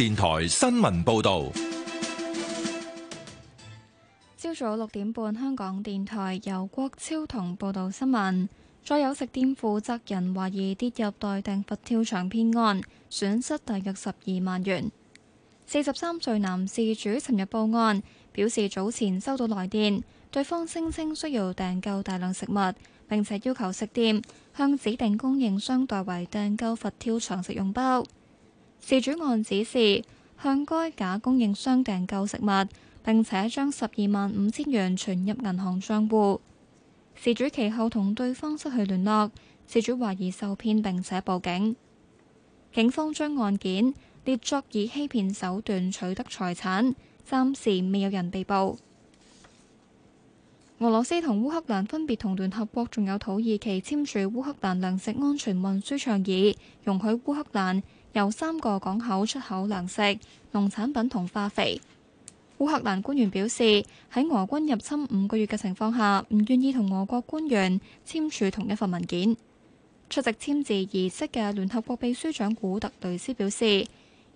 電台新聞報道：朝早六點半，香港電台由郭超同報道新聞。再有食店負責人懷疑跌入代訂佛跳牆騙案，損失大約十二萬元。四十三歲男事主尋日報案，表示早前收到來電，對方聲稱需要訂購大量食物，並且要求食店向指定供應商代為訂購佛跳牆食用包。事主按指示向該假供應商訂購食物，並且將十二萬五千元存入銀行賬戶。事主其後同對方失去聯絡，事主懷疑受騙，並且報警。警方將案件列作以欺騙手段取得財產，暫時未有人被捕。俄羅斯同烏克蘭分別同聯合國仲有土耳其簽署烏克蘭糧食安全運輸倡議，容許烏克蘭，由三個港口出口糧食、農產品同化肥。烏克蘭官員表示，喺俄軍入侵五個月嘅情況下，唔願意同俄國官員簽署同一份文件。出席簽字儀式嘅聯合國秘書長古特雷斯表示，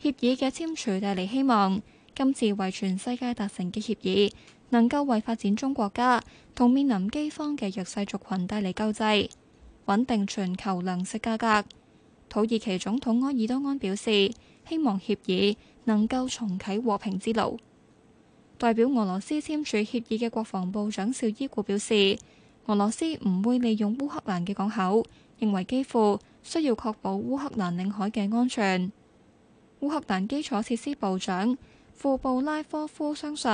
協議嘅簽署帶嚟希望，今次為全世界達成嘅協議，能夠為發展中國家同面臨饑荒嘅弱勢族群帶嚟救濟，穩定全球糧食價格。土耳其總統埃爾多安表示，希望協議能夠重啟和平之路。代表俄羅斯簽署協議嘅國防部長紹伊古表示，俄羅斯唔會利用烏克蘭嘅港口，認為基輔需要確保烏克蘭領海嘅安全。烏克蘭基礎設施部長庫布拉科夫相信，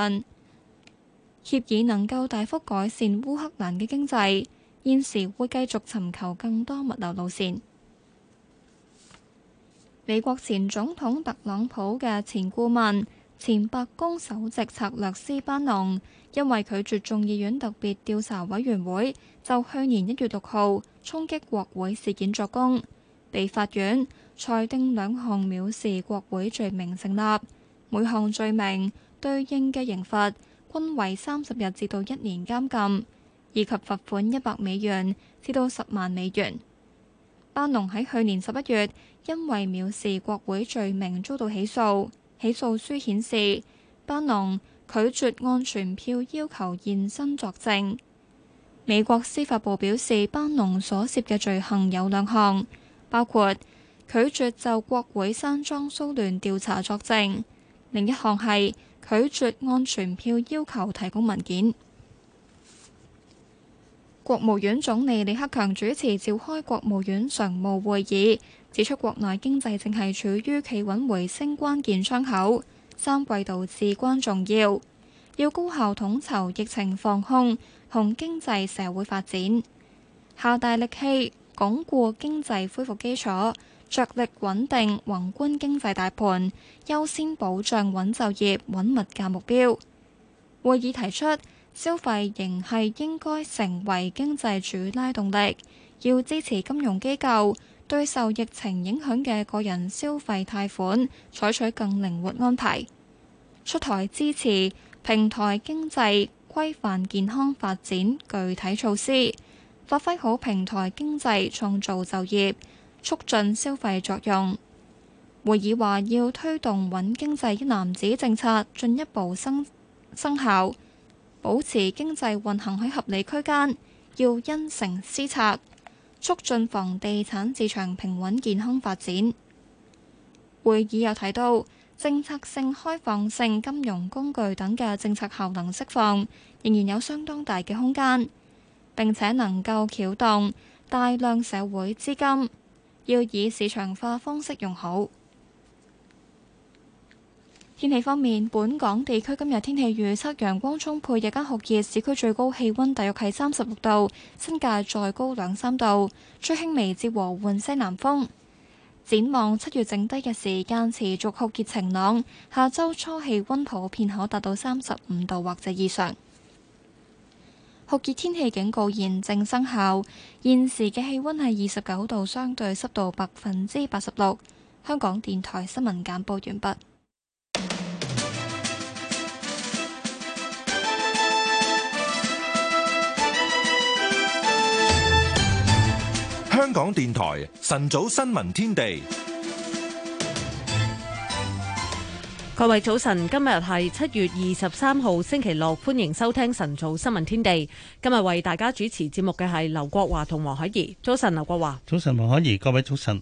協議能夠大幅改善烏克蘭嘅經濟，現時會繼續尋求更多物流路線。美國前總統特朗普嘅前顧問、前白宮首席策略師班農，因為拒絕眾議院特別調查委員會就去年一月六號衝擊國會事件作供，被法院裁定兩項藐視國會罪名成立，每項罪名對應嘅刑罰均為三十日至到一年監禁，以及罰款一百美元至到十萬美元。班農喺去年十一月，因為藐視國會罪名遭到起訴，起訴書顯示班農拒絕按傳票要求現身作證。美國司法部表示，班農所涉嘅罪行有兩項，包括拒絕就國會山莊騷亂調查作證，另一項係拒絕按傳票要求提供文件。國務院總理李克強主持召開國務院常務會議。指出，國內經濟正係處於企穩回升關鍵窗口，三季度至關重要，要高效統籌疫情防控同經濟社會發展，下大力氣鞏固經濟恢復基礎，着力穩定宏觀經濟大盤，優先保障穩就業、穩物價目標。會議提出，消費仍係應該成為經濟主拉動力，要支持金融機構。對受疫情影響嘅個人消費貸款採取更靈活安排，出台支持平台經濟規範健康發展具體措施，發揮好平台經濟創造就業、促進消費作用。會議話要推動穩經濟一攬子政策進一步生生效，保持經濟運行喺合理區間，要因城施策。促進房地產市場平穩健康發展。會議又提到，政策性開放性金融工具等嘅政策效能釋放，仍然有相當大嘅空間，並且能夠撬動大量社會資金，要以市場化方式用好。天氣方面，本港地區今日天氣預測，陽光充沛，日間酷熱，市區最高氣溫大約係三十六度，新界再高兩三度，吹輕微至和緩西南風。展望七月剩低嘅時間持續酷熱晴朗，下周初氣溫普遍可達到三十五度或者以上。酷熱天氣警告現正生效，現時嘅氣溫係二十九度，相對濕度百分之八十六。香港電台新聞簡報完畢。香港電台晨早新聞天地，各位早晨，今日係七月二十三號星期六，歡迎收聽晨早新聞天地。今日為大家主持節目嘅係劉國華同黃海怡。早晨，劉國華。早晨，黃海怡。各位早晨。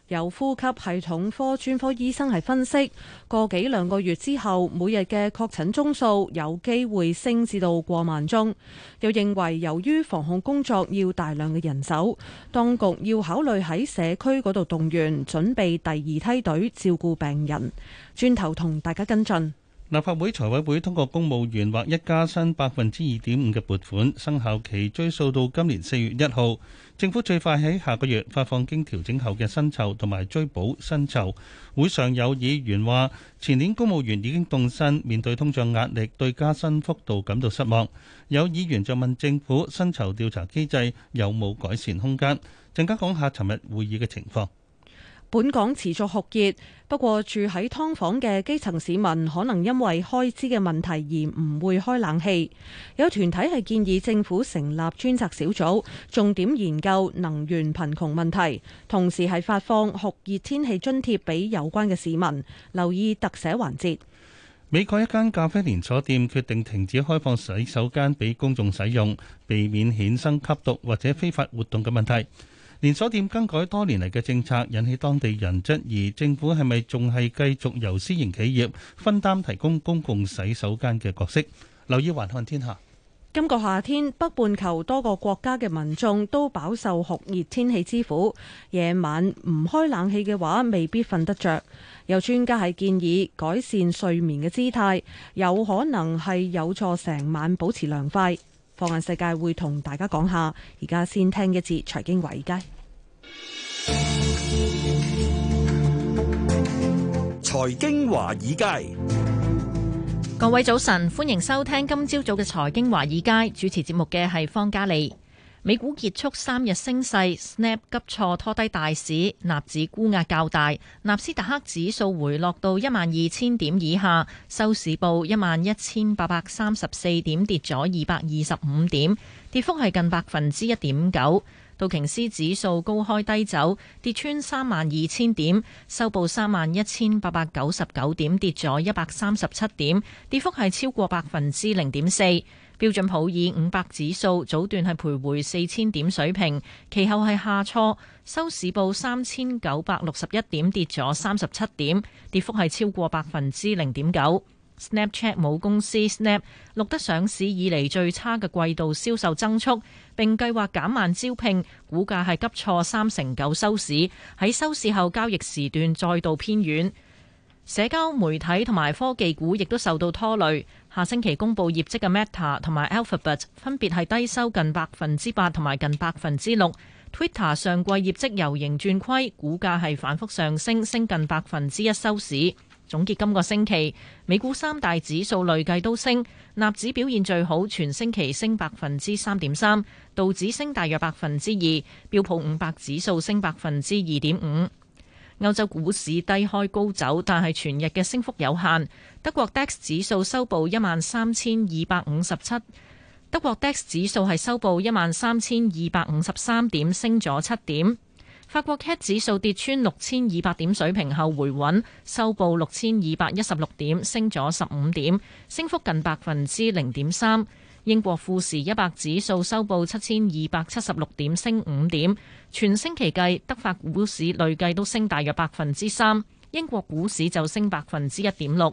由呼吸系統科專科醫生係分析，過幾兩個月之後，每日嘅確診宗數有機會升至到過萬宗。又認為由於防控工作要大量嘅人手，當局要考慮喺社區嗰度動員，準備第二梯隊照顧病人。轉頭同大家跟進。立法會財委會通過公務員劃一加薪百分之二點五嘅撥款，生效期追溯到今年四月一號。政府最快喺下個月發放經調整後嘅薪酬同埋追補薪酬。會上有議員話，前年公務員已經凍薪，面對通脹壓力，對加薪幅度感到失望。有議員就問政府薪酬調查機制有冇改善空間。陣間講下尋日會議嘅情況。本港持續酷熱，不過住喺劏房嘅基層市民可能因為開支嘅問題而唔會開冷氣。有團體係建議政府成立專責小組，重點研究能源貧窮問題，同時係發放酷熱天氣津貼俾有關嘅市民。留意特寫環節。美國一間咖啡連鎖店決定停止開放洗手間俾公眾使用，避免衍生吸毒或者非法活動嘅問題。連鎖店更改多年嚟嘅政策，引起當地人質疑，政府係咪仲係繼續由私營企業分擔提供公共洗手間嘅角色？留意《環看天下》。今個夏天，北半球多個國家嘅民眾都飽受酷熱天氣之苦，夜晚唔開冷氣嘅話，未必瞓得着。有專家係建議改善睡眠嘅姿態，有可能係有助成晚保持涼快。放眼世界，會同大家講下。而家先聽一節《財經華爾街》。《財經華爾街》，各位早晨，歡迎收聽今朝早嘅《財經華爾街》。主持節目嘅係方嘉莉。美股結束三日升勢，Snap 急挫拖低大市，納指沽壓較大，納斯達克指數回落到一萬二千點以下，收市報一萬一千八百三十四點，跌咗二百二十五點，跌幅係近百分之一點九。道瓊斯指數高開低走，跌穿三萬二千點，收報三萬一千八百九十九點，跌咗一百三十七點，跌幅係超過百分之零點四。標準普爾五百指數早段係徘徊四千點水平，其後係下挫，收市報三千九百六十一點，跌咗三十七點，跌幅係超過百分之零點九。Snapchat 母公司 Snap 錄得上市以嚟最差嘅季度銷售增速，並計劃減慢招聘，股價係急挫三成九收市。喺收市後交易時段再度偏軟，社交媒體同埋科技股亦都受到拖累。下星期公布業績嘅 Meta 同埋 Alphabet 分別係低收近百分之八同埋近百分之六。Twitter 上季業績由盈轉虧，股價係反覆上升，升近百分之一收市。總結今個星期美股三大指數累計都升，納指表現最好，全星期升百分之三點三，道指升大約百分之二，標普五百指數升百分之二點五。歐洲股市低開高走，但係全日嘅升幅有限。德國 DAX 指數收報一萬三千二百五十七，德國 DAX 指數係收報一萬三千二百五十三點，升咗七點。法國 CAC 指數跌穿六千二百點水平後回穩，收報六千二百一十六點，升咗十五點，升幅近百分之零點三。英國富時一百指數收報七千二百七十六點，升五點。全星期計，德法股市累計都升大約百分之三，英國股市就升百分之一點六。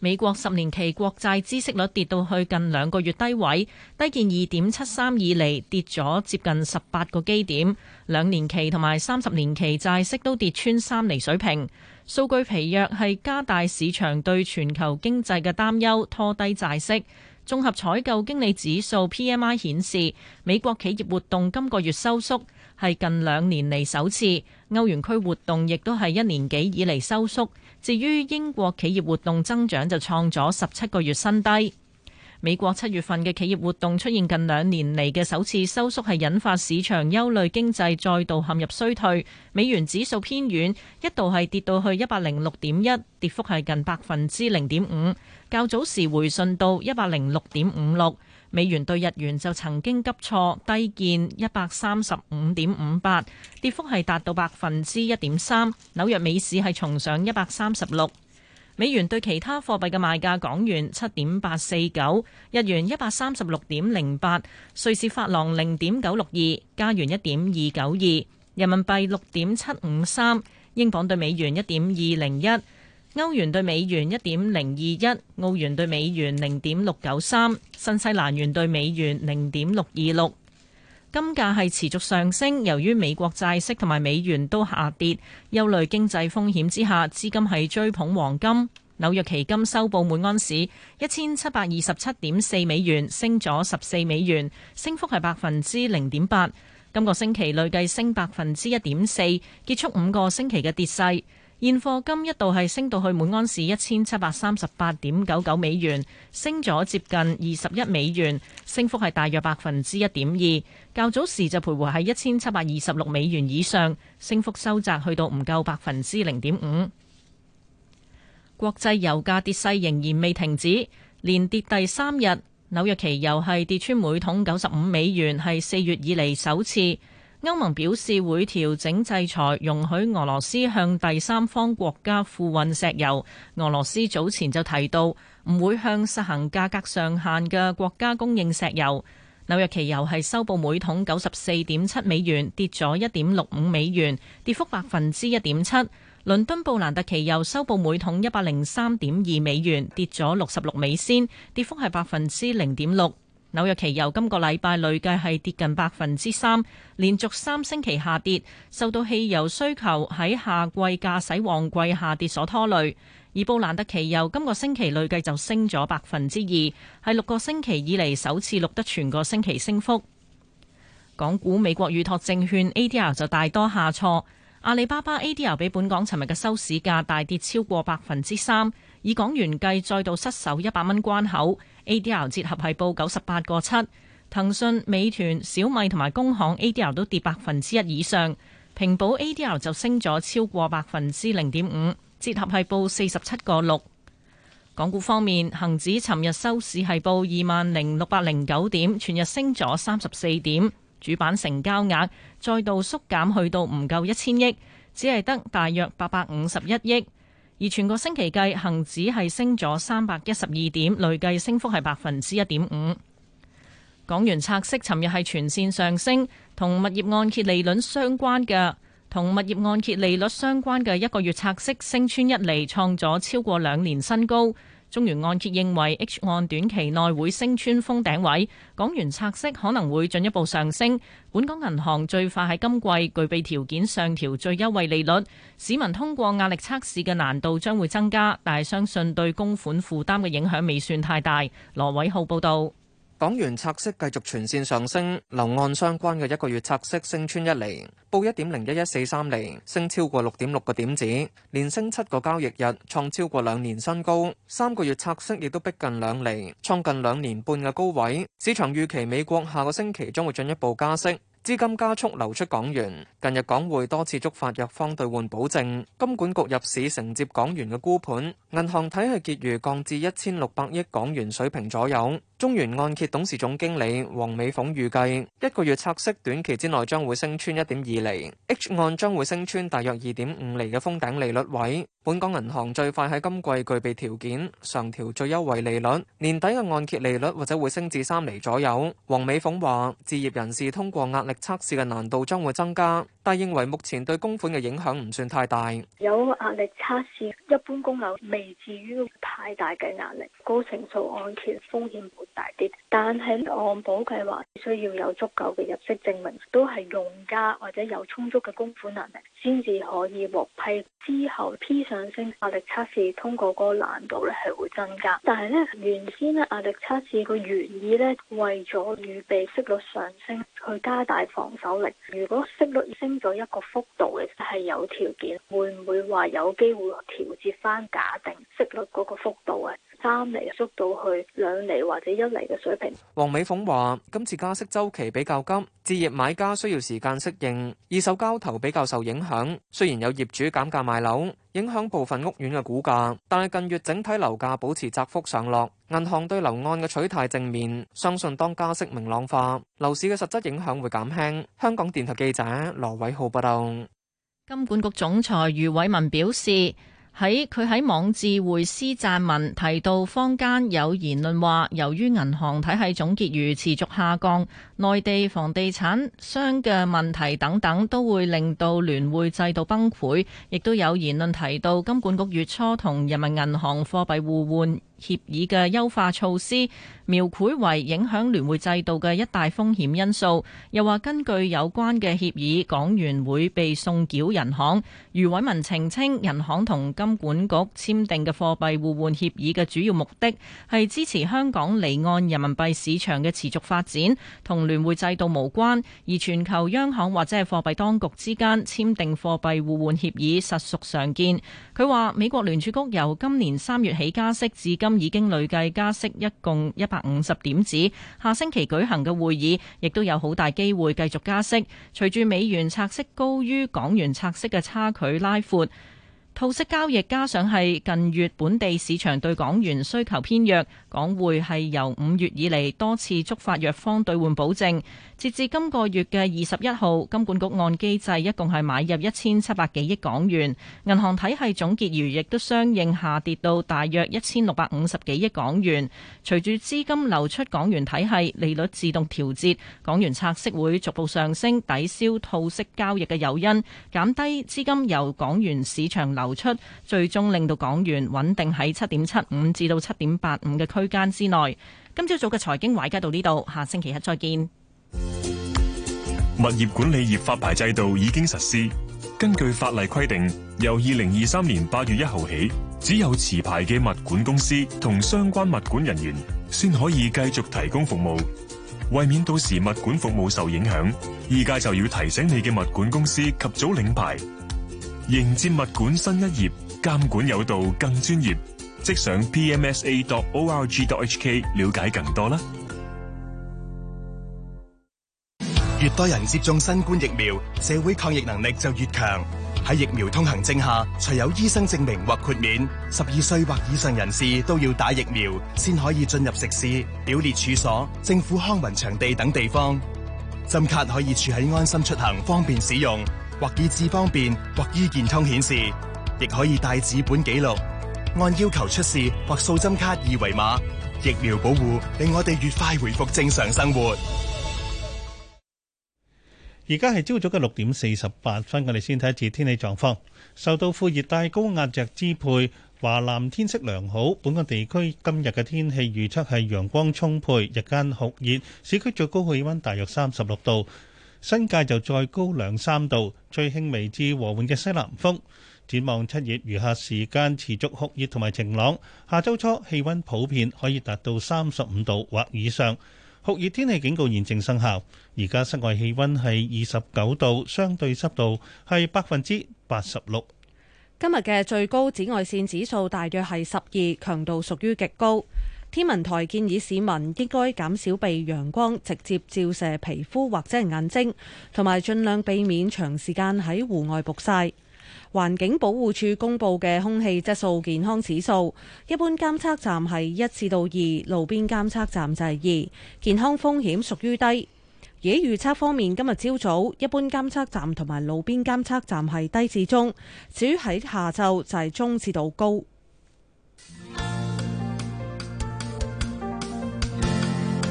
美國十年期國債孳息率跌到去近兩個月低位，低見二點七三二厘跌咗接近十八個基點。兩年期同埋三十年期債息都跌穿三厘水平。數據疲弱係加大市場對全球經濟嘅擔憂，拖低債息。綜合採購經理指數 （PMI） 顯示，美國企業活動今個月收縮，係近兩年嚟首次；歐元區活動亦都係一年幾以嚟收縮。至於英國企業活動增長就創咗十七個月新低。美國七月份嘅企業活動出現近兩年嚟嘅首次收縮，係引發市場憂慮，經濟再度陷入衰退。美元指數偏軟，一度係跌到去一百零六點一，跌幅係近百分之零點五。較早時回信到一百零六點五六。美元對日元就曾經急挫，低見一百三十五點五八，跌幅係達到百分之一點三。紐約美市係重上一百三十六。美元對其他貨幣嘅賣價：港元七點八四九，日元一百三十六點零八，瑞士法郎零點九六二，加元一點二九二，人民幣六點七五三，英鎊對美元一點二零一，歐元對美元一點零二一，澳元對美元零點六九三，新西蘭元對美元零點六二六。金價係持續上升，由於美國債息同埋美元都下跌，憂慮經濟風險之下，資金係追捧黃金。紐約期金收報每安士一千七百二十七點四美元，升咗十四美元，升幅係百分之零點八。今個星期累計升百分之一點四，結束五個星期嘅跌勢。現貨金一度係升到去每安士一千七百三十八點九九美元，升咗接近二十一美元，升幅係大約百分之一點二。較早時就徘徊喺一千七百二十六美元以上，升幅收窄去到唔夠百分之零點五。國際油價跌勢仍然未停止，連跌第三日，紐約期油係跌穿每桶九十五美元，係四月以嚟首次。歐盟表示會調整制裁，容許俄羅斯向第三方國家付運石油。俄羅斯早前就提到唔會向實行價格上限嘅國家供應石油。紐約期油係收報每桶九十四點七美元，跌咗一點六五美元，跌幅百分之一點七。倫敦布蘭特期油收報每桶一百零三點二美元，跌咗六十六美仙，跌幅係百分之零點六。紐約期油今個禮拜累計係跌近百分之三，連續三星期下跌，受到汽油需求喺夏季駕駛旺季下跌所拖累。而布蘭德期油今個星期累計就升咗百分之二，係六個星期以嚟首次錄得全個星期升幅。港股美國預託證券 ADR 就大多下挫，阿里巴巴 ADR 比本港尋日嘅收市價大跌超過百分之三，以港元計再度失守一百蚊關口。ADR 折合係報九十八個七，騰訊、美團、小米同埋工行 ADR 都跌百分之一以上，平保 ADR 就升咗超過百分之零點五，折合係報四十七個六。港股方面，恒指尋日收市係報二萬零六百零九點，全日升咗三十四點，主板成交額再度縮減去到唔夠一千億，只係得大約八百五十一億。而全個星期計，恒指係升咗三百一十二點，累計升幅係百分之一點五。港元拆息，尋日係全線上升，同物業按揭利率相關嘅，同物業按揭利率相關嘅一個月拆息升穿一厘，創咗超過兩年新高。中原按揭認為 H 按短期內會升穿封頂位，港元拆息可能會進一步上升。本港銀行最快喺今季具備條件上調最優惠利率，市民通過壓力測試嘅難度將會增加，但係相信對供款負擔嘅影響未算太大。羅偉浩報道。港元拆息繼續全線上升，樓按相關嘅一個月拆息升穿一厘，報一點零一一四三厘，升超過六點六個點子，連升七個交易日，創超過兩年新高。三個月拆息亦都逼近兩厘，創近兩年半嘅高位。市場預期美國下個星期將會進一步加息。資金加速流出港元，近日港匯多次觸發弱方兌換保證，金管局入市承接港元嘅沽盤，銀行體系結餘降至一千六百億港元水平左右。中原按揭董事總經理黃美鳳預計，一個月拆息短期之內將會升穿一點二厘，H 按將會升穿大約二點五厘嘅封頂利率位。本港銀行最快喺今季具備條件上調最優惠利率，年底嘅按揭利率或者會升至三厘左右。黃美鳳話：置業人士通過壓測試嘅難度將會增加。但係認為目前對供款嘅影響唔算太大，有壓力測試，一般供樓未至於太大嘅壓力。高成數按揭風險會大啲，但係按保計劃需要有足夠嘅入息證明，都係用家或者有充足嘅供款能力先至可以獲批。之後 P 上升，壓力測試通過嗰個難度咧係會增加。但係咧，原先咧壓力測試個原意咧為咗預備息率上升去加大防守力，如果息率升。咗一個幅度嘅，係有條件，會唔會話有機會調節翻假定息率嗰個幅度啊？三釐縮到去兩釐或者一釐嘅水平。黃美鳳話：今次加息週期比較急，置業買家需要時間適應，二手交投比較受影響。雖然有業主減價賣樓，影響部分屋苑嘅估價，但係近月整體樓價保持窄幅上落。銀行對樓按嘅取態正面，相信當加息明朗化，樓市嘅實質影響會減輕。香港電台記者羅偉浩報導。金管局總裁余偉文表示。喺佢喺網誌匯思撰文提到，坊間有言論話，由於銀行體系總結餘持續下降，內地房地產商嘅問題等等，都會令到聯匯制度崩潰。亦都有言論提到，金管局月初同人民銀行貨幣互換。協議嘅優化措施，描繪為影響聯匯制度嘅一大風險因素。又話根據有關嘅協議，港元會被送繳人行。余偉文澄清，人行同金管局簽訂嘅貨幣互換協議嘅主要目的係支持香港離岸人民幣市場嘅持續發展，同聯匯制度無關。而全球央行或者係貨幣當局之間簽訂貨幣互換協議實屬常見。佢話美國聯儲局由今年三月起加息至今。已經累計加息一共一百五十點子，下星期舉行嘅會議亦都有好大機會繼續加息。隨住美元拆息高於港元拆息嘅差距拉闊。套息交易加上係近月本地市場對港元需求偏弱，港匯係由五月以嚟，多次觸發弱方兌換保證，截至今個月嘅二十一號金管局按機制一共係買入一千七百幾億港元，銀行體系總結餘亦都相應下跌到大約一千六百五十幾億港元。隨住資金流出港元體系利率自動調節，港元拆息會逐步上升，抵消套息交易嘅誘因，減低資金由港元市場流。流出，最終令到港元穩定喺七點七五至到七點八五嘅區間之內。今朝早嘅財經華爾街到呢度，下星期一再見。物業管理業發牌制度已經實施，根據法例規定，由二零二三年八月一號起，只有持牌嘅物管公司同相關物管人員，先可以繼續提供服務。為免到時物管服務受影響，依家就要提醒你嘅物管公司及早領牌。迎接物管新一頁，監管有道更專業。即上 pmsa.org.hk 了解更多啦。越多人接種新冠疫苗，社會抗疫能力就越強。喺疫苗通行證下，除有醫生證明或豁免，十二歲或以上人士都要打疫苗，先可以進入食肆、表列處所、政府康文場地等地方。針卡可以儲喺安心出行，方便使用。或以智方便，或醫健通顯示，亦可以帶紙本記錄，按要求出示或掃針卡二維碼。疫苗保護令我哋越快回復正常生活。而家係朝早嘅六點四十八分，我哋先睇一次天氣狀況。受到副熱帶高壓脊支配，華南天色良好。本港地區今日嘅天氣預測係陽光充沛，日間酷熱，市區最高氣溫大約三十六度。新界就再高兩三度，吹輕微至和緩嘅西南風。展望七月餘下時間持續酷熱同埋晴朗，下周初氣溫普遍可以達到三十五度或以上，酷熱天氣警告現正生效。而家室外氣溫係二十九度，相對濕度係百分之八十六。今日嘅最高紫外線指數大約係十二，強度屬於極高。天文台建議市民應該減少被陽光直接照射皮膚或者眼睛，同埋盡量避免長時間喺戶外曝曬。環境保護署公布嘅空氣質素健康指數，一般監測站係一至到二，路邊監測站就係二，健康風險屬於低。而喺預測方面，今日朝早一般監測站同埋路邊監測站係低至中，至於喺下晝就係中至到高。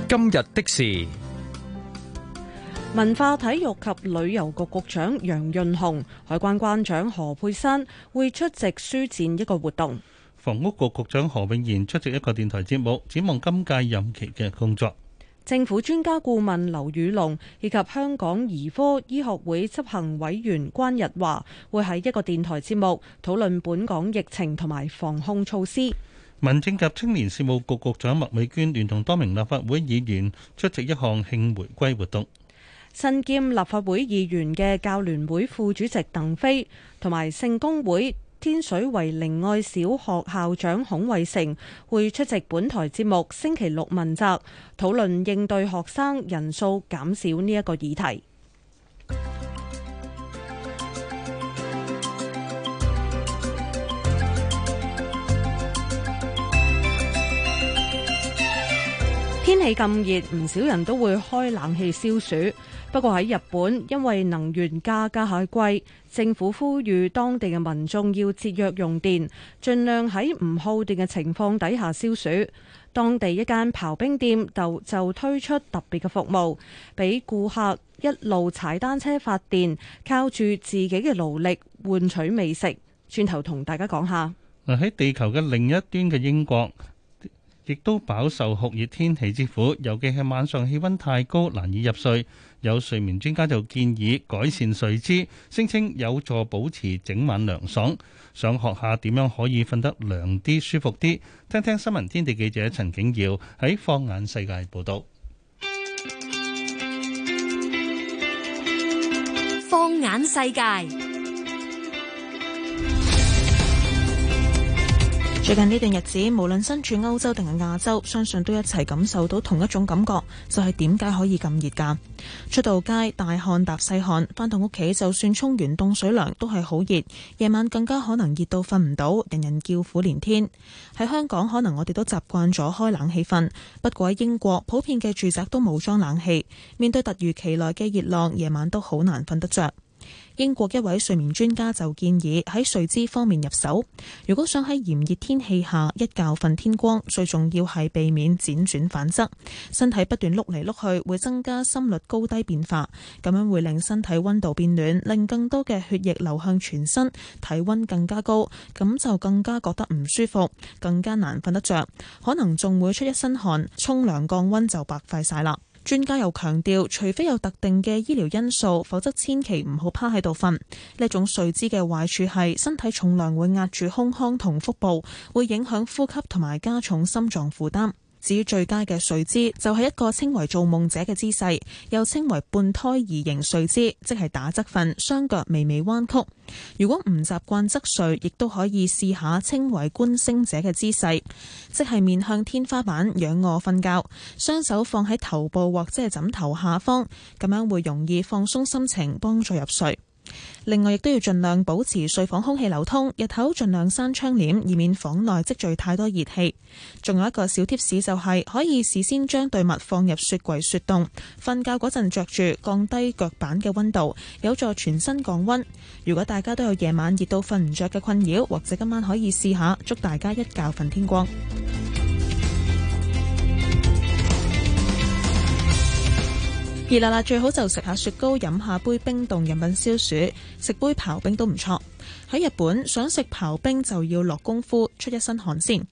今日的事，文化體育及旅遊局局長楊潤雄、海關關長何佩珊會出席書展一個活動。房屋局局長何永賢出席一個電台節目，展望今屆任期嘅工作。政府專家顧問劉宇龍以及香港兒科醫學會執行委員關日華會喺一個電台節目討論本港疫情同埋防控措施。民政及青年事務局局長麥美娟聯同多名立法會議員出席一項慶回歸活動。身兼立法會議員嘅教聯會副主席鄧飛，同埋聖公會天水圍靈愛小學校，校長孔偉成會出席本台節目星期六問責，討論應對學生人數減少呢一個議題。天氣咁熱，唔少人都會開冷氣消暑。不過喺日本，因為能源價格係貴，政府呼籲當地嘅民眾要節約用電，盡量喺唔耗電嘅情況底下消暑。當地一間刨冰店就就推出特別嘅服務，俾顧客一路踩單車發電，靠住自己嘅勞力換取美食。轉頭同大家講下，喺地球嘅另一端嘅英國。亦都飽受酷熱天氣之苦，尤其係晚上氣溫太高，難以入睡。有睡眠專家就建議改善睡姿，聲稱有助保持整晚涼爽。想學下點樣可以瞓得涼啲、舒服啲？聽聽新聞天地記者陳景耀喺放眼世界報道。放眼世界。最近呢段日子，無論身處歐洲定係亞洲，相信都一齊感受到同一種感覺，就係點解可以咁熱噶？出到街大汗搭細汗，返到屋企就算沖完凍水涼都係好熱，夜晚更加可能熱到瞓唔到，人人叫苦連天。喺香港，可能我哋都習慣咗開冷氣瞓，不過喺英國普遍嘅住宅都冇裝冷氣，面對突如其來嘅熱浪，夜晚都好難瞓得着。英國一位睡眠專家就建議喺睡姿方面入手。如果想喺炎熱天氣下一覺瞓天光，最重要係避免輾轉反側。身體不斷碌嚟碌去，會增加心率高低變化。咁樣會令身體溫度變暖，令更多嘅血液流向全身，體溫更加高，咁就更加覺得唔舒服，更加難瞓得着。可能仲會出一身汗，沖涼降溫就白費晒啦。專家又強調，除非有特定嘅醫療因素，否則千祈唔好趴喺度瞓。呢種睡姿嘅壞處係，身體重量會壓住胸腔同腹部，會影響呼吸同埋加重心臟負擔。至於最佳嘅睡姿就係一個稱為做夢者嘅姿勢，又稱為半胎兒型睡姿，即係打側瞓，雙腳微微彎曲。如果唔習慣側睡，亦都可以試下稱為觀星者嘅姿勢，即係面向天花板仰臥瞓覺，雙手放喺頭部或者係枕頭下方，咁樣會容易放鬆心情，幫助入睡。另外，亦都要儘量保持睡房空氣流通，日頭儘量閂窗簾，以免房內積聚太多熱氣。仲有一個小貼士，就是，就係可以事先將對襪放入雪櫃雪凍，瞓覺嗰陣著住，降低腳板嘅溫度，有助全身降溫。如果大家都有夜晚熱到瞓唔着嘅困擾，或者今晚可以試下，祝大家一覺瞓天光。熱辣辣最好就食下雪糕，飲下杯冰凍飲品消暑，食杯刨冰都唔錯。喺日本，想食刨冰就要落功夫，出一身汗先。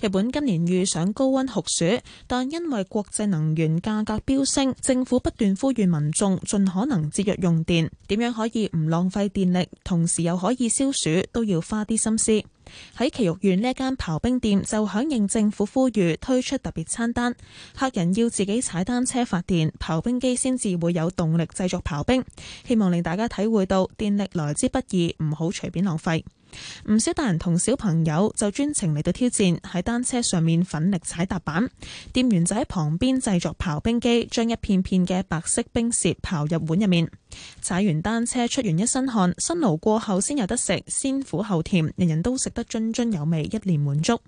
日本今年遇上高溫酷暑，但因為國際能源價格飆升，政府不斷呼籲民眾盡可能節約用電，點樣可以唔浪費電力，同時又可以消暑，都要花啲心思。喺埼玉縣呢間刨冰店就響應政府呼籲，推出特別餐單。客人要自己踩單車發電，刨冰機先至會有動力製作刨冰，希望令大家體會到電力來之不易，唔好隨便浪費。唔少大人同小朋友就專程嚟到挑戰，喺單車上面奮力踩踏板。店員就喺旁邊製作刨冰機，將一片片嘅白色冰屑刨入碗入面。踩完單車出完一身汗，辛勞過後先有得食，先苦後甜，人人都食得津津有味，一臉滿足。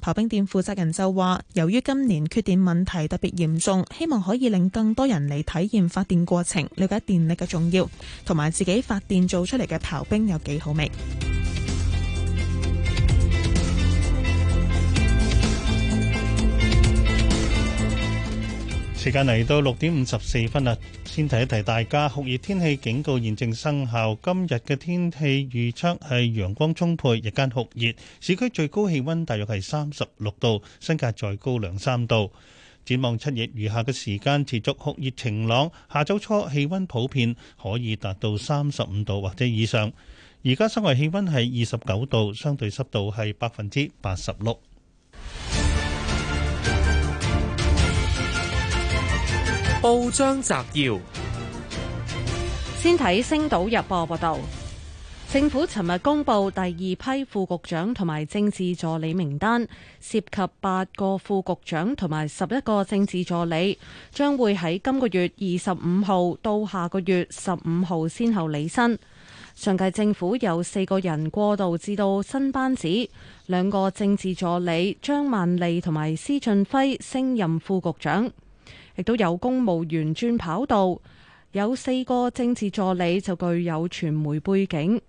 刨冰店負責人就話，由於今年缺電問題特別嚴重，希望可以令更多人嚟體驗發電過程，了解電力嘅重要，同埋自己發電做出嚟嘅刨冰有幾好味。時間嚟到六點五十四分啦，先提一提大家，酷熱天氣警告現正生效。今日嘅天氣預測係陽光充沛，日間酷熱，市區最高氣温大約係三十六度，新界再高兩三度。展望七日餘下嘅時間，持續酷熱晴朗，下周初氣温普遍可以達到三十五度或者以上。而家室外氣温係二十九度，相對濕度係百分之八十六。報章摘要，先睇《星島日報》報道，政府尋日公布第二批副局長同埋政治助理名單，涉及八個副局長同埋十一個政治助理，將會喺今個月二十五號到下個月十五號先後離任。上屆政府有四個人過渡至到新班子，兩個政治助理張萬利同埋施俊輝升任副局長。亦都有公務員轉跑道，有四個政治助理就具有傳媒背景。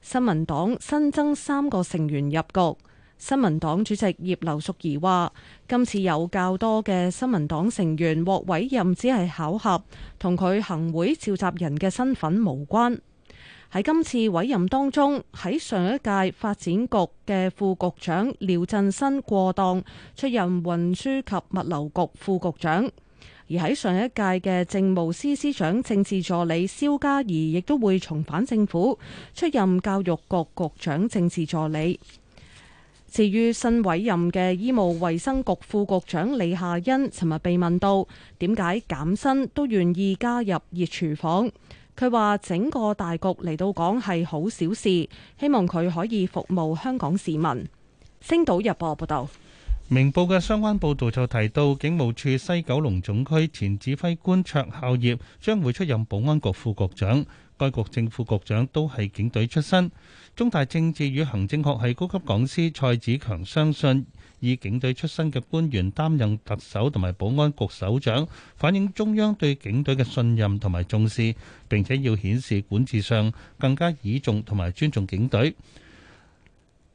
新民黨新增三個成員入局。新民黨主席葉劉淑儀話：今次有較多嘅新民黨成員獲委任，只係巧合，同佢行會召集人嘅身份無關。喺今次委任當中，喺上一屆發展局嘅副局長廖振新過檔出任運輸及物流局副局長。而喺上一屆嘅政務司司長政治助理蕭家怡，亦都會重返政府，出任教育局局長政治助理。至於新委任嘅醫務衛生局副局長李夏欣，尋日被問到點解減薪都願意加入熱廚房，佢話整個大局嚟到講係好小事，希望佢可以服務香港市民。星島日報報道。明報嘅相關報導就提到，警務處西九龍總區前指揮官卓孝業將會出任保安局副局長。該局正副局長都係警隊出身。中大政治與行政學系高級講師蔡子強相信，以警隊出身嘅官員擔任特首同埋保安局首長，反映中央對警隊嘅信任同埋重視，並且要顯示管治上更加倚重同埋尊重警隊。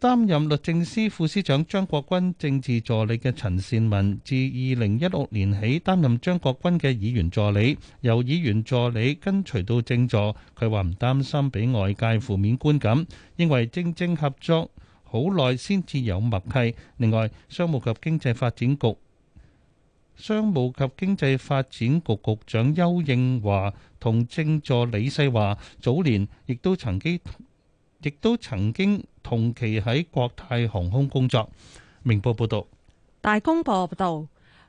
擔任律政司副司長張國軍政治助理嘅陳善文，自二零一六年起擔任張國軍嘅議員助理，由議員助理跟隨到政助。佢話唔擔心俾外界負面觀感，因為正正合作好耐先至有默契。另外，商務及經濟發展局商務及經濟發展局局長邱應華同政助李世華早年亦都曾經亦都曾經同期喺國泰航空工作。明報報道，大公報報道，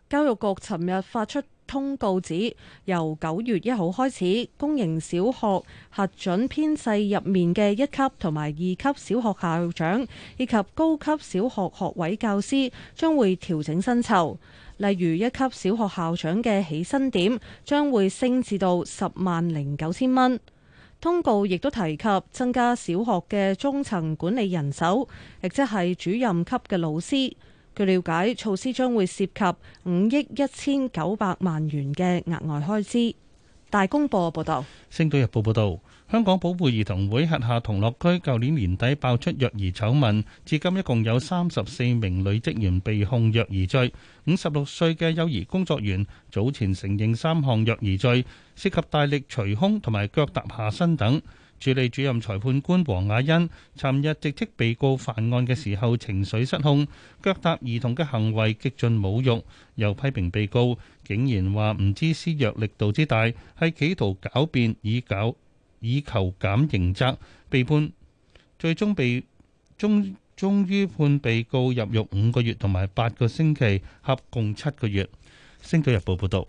教育局尋日發出通告指，指由九月一號開始，公營小學核准編制入面嘅一級同埋二級小學校長以及高級小學學位教師將會調整薪酬。例如，一級小學校長嘅起薪點將會升至到十萬零九千蚊。通告亦都提及增加小學嘅中層管理人手，亦即係主任級嘅老師。據了解，措施將會涉及五億一千九百萬元嘅額外開支。大公報報道，《星島日報》報道。香港保護兒童會轄下同樂區舊年年底爆出虐兒醜聞，至今一共有三十四名女職員被控虐兒罪。五十六歲嘅幼兒工作員早前承認三項虐兒罪，涉及大力捶胸同埋腳踏下身等。署理主任裁判官黃雅欣尋日直斥被告犯案嘅時候情緒失控，腳踏兒童嘅行為極盡侮辱，又批評被告竟然話唔知施虐力度之大，係企圖狡辯已久。以求減刑責被判。最終被終終於判被告入獄五個月同埋八個星期，合共七個月。星島日報報道：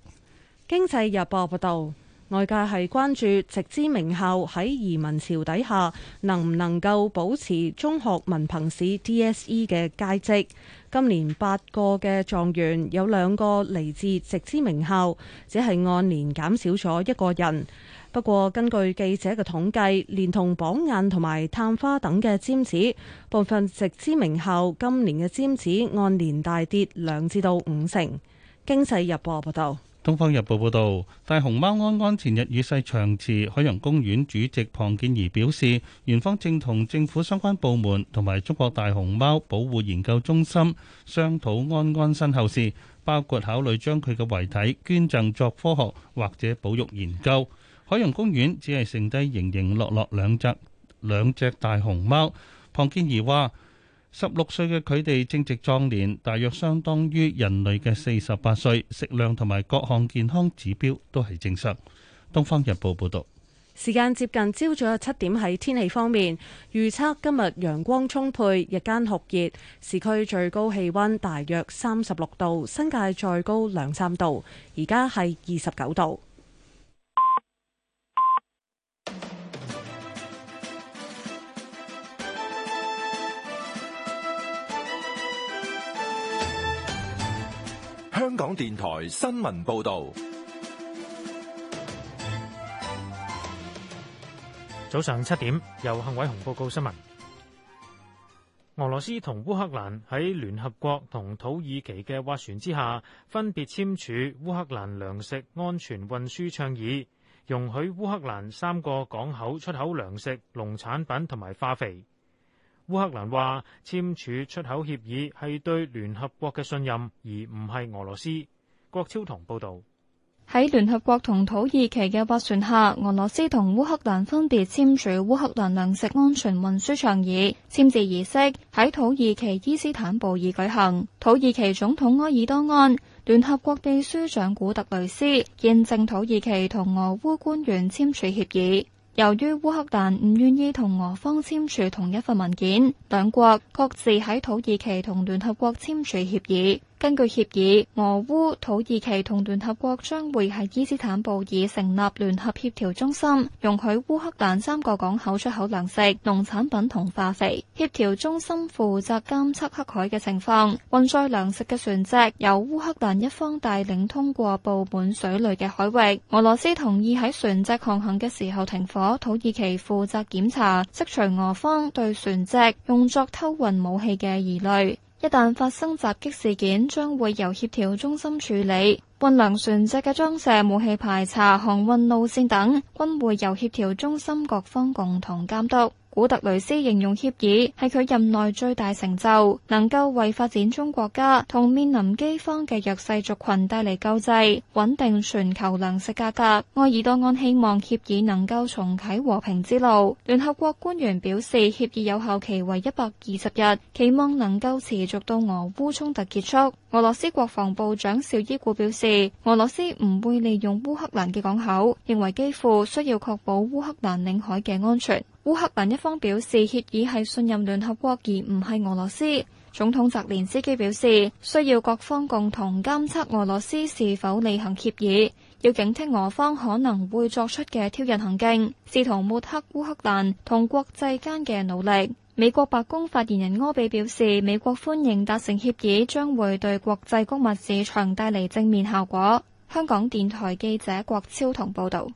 經濟日報報道，外界係關注直資名校喺移民潮底下能唔能夠保持中學文憑試 DSE 嘅佳績。今年八個嘅狀元有兩個嚟自直資名校，只係按年減少咗一個人。不過，根據記者嘅統計，連同榜眼同埋探花等嘅尖子，部分直資名校，今年嘅尖子按年大跌兩至到五成。經濟日報報道。《東方日報》報道，大熊貓安安前日與世長辭。海洋公園主席龐建貽表示，園方正同政府相關部門同埋中國大熊貓保護研究中心商討安安身後事，包括考慮將佢嘅遺體捐贈作科學或者保育研究。海洋公園只係剩低盈盈落落兩隻兩隻大熊貓。龐健怡話：十六歲嘅佢哋正值壯年，大約相當於人類嘅四十八歲，食量同埋各項健康指標都係正常。《東方日報》報導。時間接近朝早七點，喺天氣方面預測今日陽光充沛，日間酷熱，市區最高氣温大約三十六度，新界再高兩三度，而家係二十九度。香港電台新聞報道，早上七點，由幸偉雄報告新聞。俄羅斯同烏克蘭喺聯合國同土耳其嘅斡旋之下，分別簽署烏克蘭糧食安全運輸倡議，容許烏克蘭三個港口出口糧食、農產品同埋化肥。烏克蘭話簽署出口協議係對聯合國嘅信任，而唔係俄羅斯。郭超同報道：喺聯合國同土耳其嘅斡旋下，俄羅斯同烏克蘭分別簽署烏克蘭糧食安全運輸倡議簽字儀式喺土耳其伊斯坦布爾舉，舉，舉行。土耳其總統埃爾多安、聯合國秘書長古特雷斯見證土耳其同俄烏官員簽署協議。由於烏克蘭唔願意同俄方簽署同一份文件，兩國各自喺土耳其同聯合國簽署協議。根據協議，俄烏土耳其同聯合國將會喺伊斯坦布爾成立聯合協調中心，容許烏克蘭三個港口出口糧食、農產品同化肥。協調中心負責監測黑海嘅情況，運載糧食嘅船隻由烏克蘭一方帶領通過佈滿水雷嘅海域。俄羅斯同意喺船隻航行嘅時候停火，土耳其負責檢查，釋除俄方對船隻用作偷運武器嘅疑慮。一旦發生襲擊事件，將會由協調中心處理運糧船隻嘅裝卸武器排查、航運路線等，均會由協調中心各方共同監督。古特雷斯形容協議係佢任內最大成就，能夠為發展中國家同面臨饑荒嘅弱勢族群帶嚟救濟，穩定全球糧食價格。埃爾多安希望協議能夠重啟和平之路。聯合國官員表示，協議有效期為一百二十日，期望能夠持續到俄烏衝突結束。俄羅斯國防部長紹伊古表示，俄羅斯唔會利用烏克蘭嘅港口，認為基輔需要確保烏克蘭領海嘅安全。烏克蘭一方表示，協議係信任聯合國而唔係俄羅斯。總統澤連斯基表示，需要各方共同監測俄羅斯是否履行協議，要警惕俄方可能會作出嘅挑釁行徑，試圖抹黑烏克蘭同國際間嘅努力。美國白宮發言人柯比表示，美國歡迎達成協議，將會對國際谷物市場帶嚟正面效果。香港電台記者郭超同報導。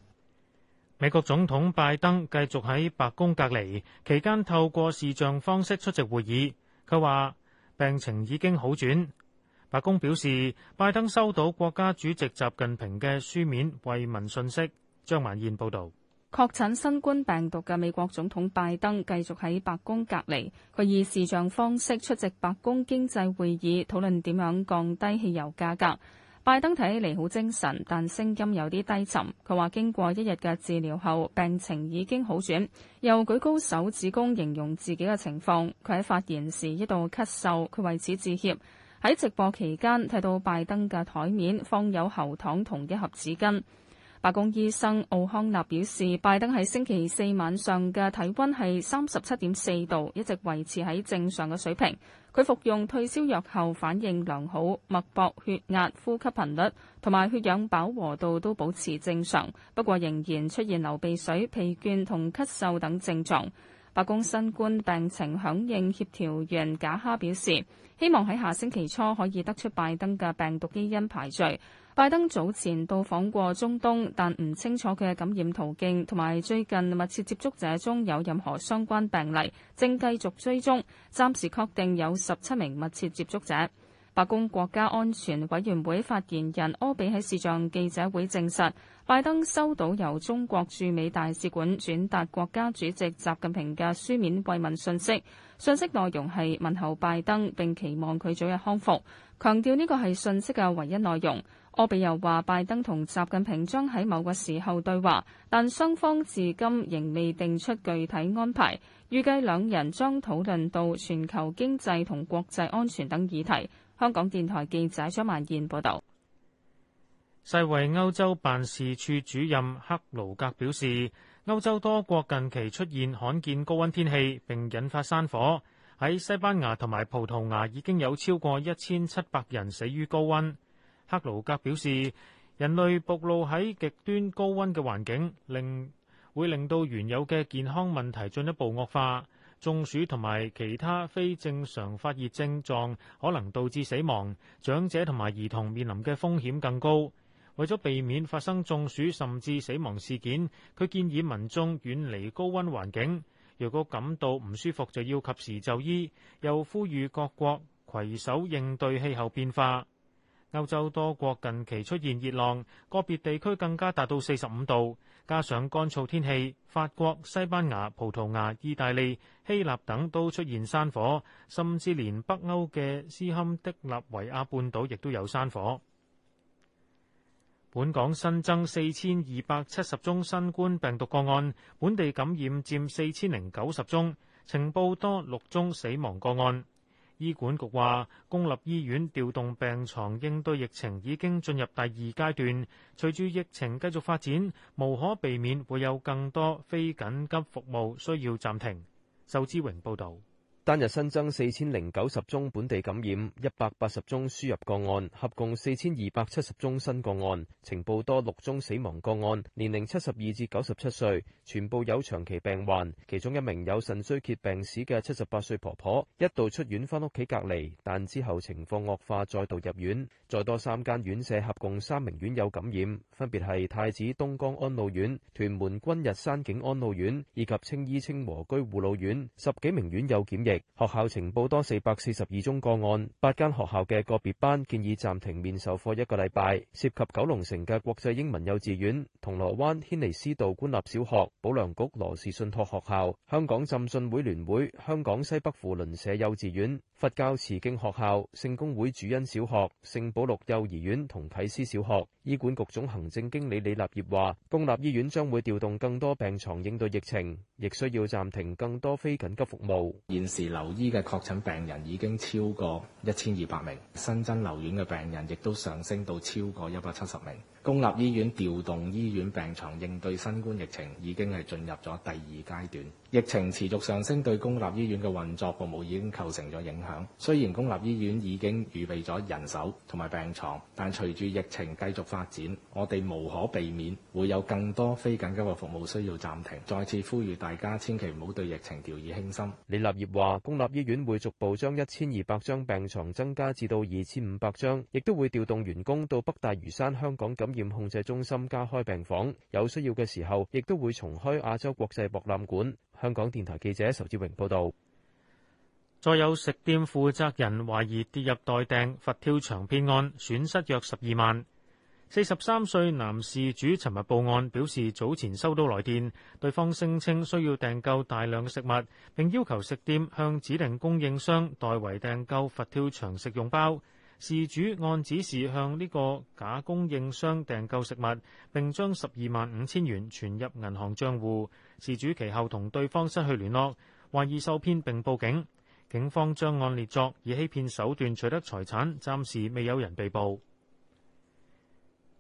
美國總統拜登繼續喺白宮隔離期間，透過視像方式出席會議。佢話病情已經好轉。白宮表示，拜登收到國家主席習近平嘅書面慰問信息。張萬燕報道。確診新冠病毒嘅美國總統拜登繼續喺白宮隔離，佢以視像方式出席白宮經濟會議，討論點樣降低汽油價格。拜登睇起嚟好精神，但聲音有啲低沉。佢話經過一日嘅治療後，病情已經好轉，又舉高手指公形容自己嘅情況。佢喺發言時一度咳嗽，佢為此致歉。喺直播期間睇到拜登嘅枱面放有喉糖同一盒紙巾。白宮醫生奧康納表示，拜登喺星期四晚上嘅體溫係三十七點四度，一直維持喺正常嘅水平。佢服用退燒藥後反應良好，脈搏、血壓、呼吸頻率同埋血氧飽和度都保持正常，不過仍然出現流鼻水、疲倦同咳嗽等症狀。白宮新冠病情響應協調員賈哈表示，希望喺下星期初可以得出拜登嘅病毒基因排序。拜登早前到訪過中東，但唔清楚佢嘅感染途徑同埋最近密切接觸者中有任何相關病例，正繼續追蹤。暫時確定有十七名密切接觸者。白宮國家安全委員會發言人柯比喺視像記者會證實，拜登收到由中國駐美大使館轉達國家主席習近平嘅書面慰問信息。信息內容係問候拜登，並期望佢早日康復。強調呢個係信息嘅唯一內容。柯比又話拜登同習近平將喺某個時候對話，但雙方至今仍未定出具體安排。預計兩人將討論到全球經濟同國際安全等議題。香港電台記者張萬燕報道。世衛歐洲辦事處主任克勞格表示，歐洲多國近期出現罕見高温天氣並引發山火。喺西班牙同埋葡萄牙已經有超過一千七百人死於高温。克勞格表示，人類暴露喺極端高温嘅環境，令會令到原有嘅健康問題進一步惡化。中暑同埋其他非正常發熱症狀可能導致死亡，長者同埋兒童面臨嘅風險更高。為咗避免發生中暑甚至死亡事件，佢建議民眾遠離高温環境。若果感到唔舒服，就要及時就醫。又呼籲各國攜手應對氣候變化。歐洲多國近期出現熱浪，個別地區更加達到四十五度。加上乾燥天氣，法國、西班牙、葡萄牙、意大利、希臘等都出現山火，甚至連北歐嘅斯堪的納維亞半島亦都有山火。本港新增四千二百七十宗新冠病毒個案，本地感染佔四千零九十宗，呈報多六宗死亡個案。醫管局話，公立醫院調動病床應對疫情已經進入第二階段，隨住疫情繼續發展，無可避免會有更多非緊急服務需要暫停。仇志榮報道。單日新增四千零九十宗本地感染，一百八十宗輸入個案，合共四千二百七十宗新個案。情報多六宗死亡個案，年齡七十二至九十七歲，全部有長期病患。其中一名有腎衰竭病史嘅七十八歲婆婆，一度出院翻屋企隔離，但之後情況惡化，再度入院。再多三間院舍合共三名院友感染，分別係太子東江安老院、屯門君逸山景安老院以及青衣清和居護老院，十幾名院友檢疫。學校呈報多四百四十二宗個案，八間學校嘅個別班建議暫停面授課一個禮拜。涉及九龍城嘅國際英文幼稚園、銅鑼灣軒尼詩道官立小學、保良局羅氏信託學校、香港浸信會聯會、香港西北扶輪社幼稚園、佛教慈敬學校、聖公會主恩小學、聖保禄幼兒園同啟思小學。醫管局總行政經理李立業話，公立醫院將會調動更多病床應對疫情，亦需要暫停更多非緊急服務。時留醫嘅確診病人已經超過一千二百名，新增留院嘅病人亦都上升到超過一百七十名。公立醫院調動醫院病床應對新冠疫情，已經係進入咗第二階段，疫情持續上升，對公立醫院嘅運作服務已經構成咗影響，雖然公立醫院已經預備咗人手同埋病床，但隨住疫情繼續發展，我哋無可避免會有更多非緊急嘅服務需要暫停。再次呼籲大家千祈唔好對疫情掉以輕心。李立業話公立醫院會逐步將一千二百張病床增加至到二千五百張，亦都會調動員工到北大嶼山香港急。感染控制中心加開病房，有需要嘅時候亦都會重開亞洲國際博覽館。香港電台記者仇志榮報道。再有食店負責人懷疑跌入待訂佛跳牆騙案，損失約十二萬。四十三歲男事主尋日報案，表示早前收到來電，對方聲稱需要訂購大量嘅食物，並要求食店向指定供應商代為訂購佛跳牆食用包。事主按指示向呢個假供應商訂購食物，並將十二萬五千元存入銀行賬戶。事主其後同對方失去聯絡，懷疑受騙並報警。警方將案列作以欺騙手段取得財產，暫時未有人被捕。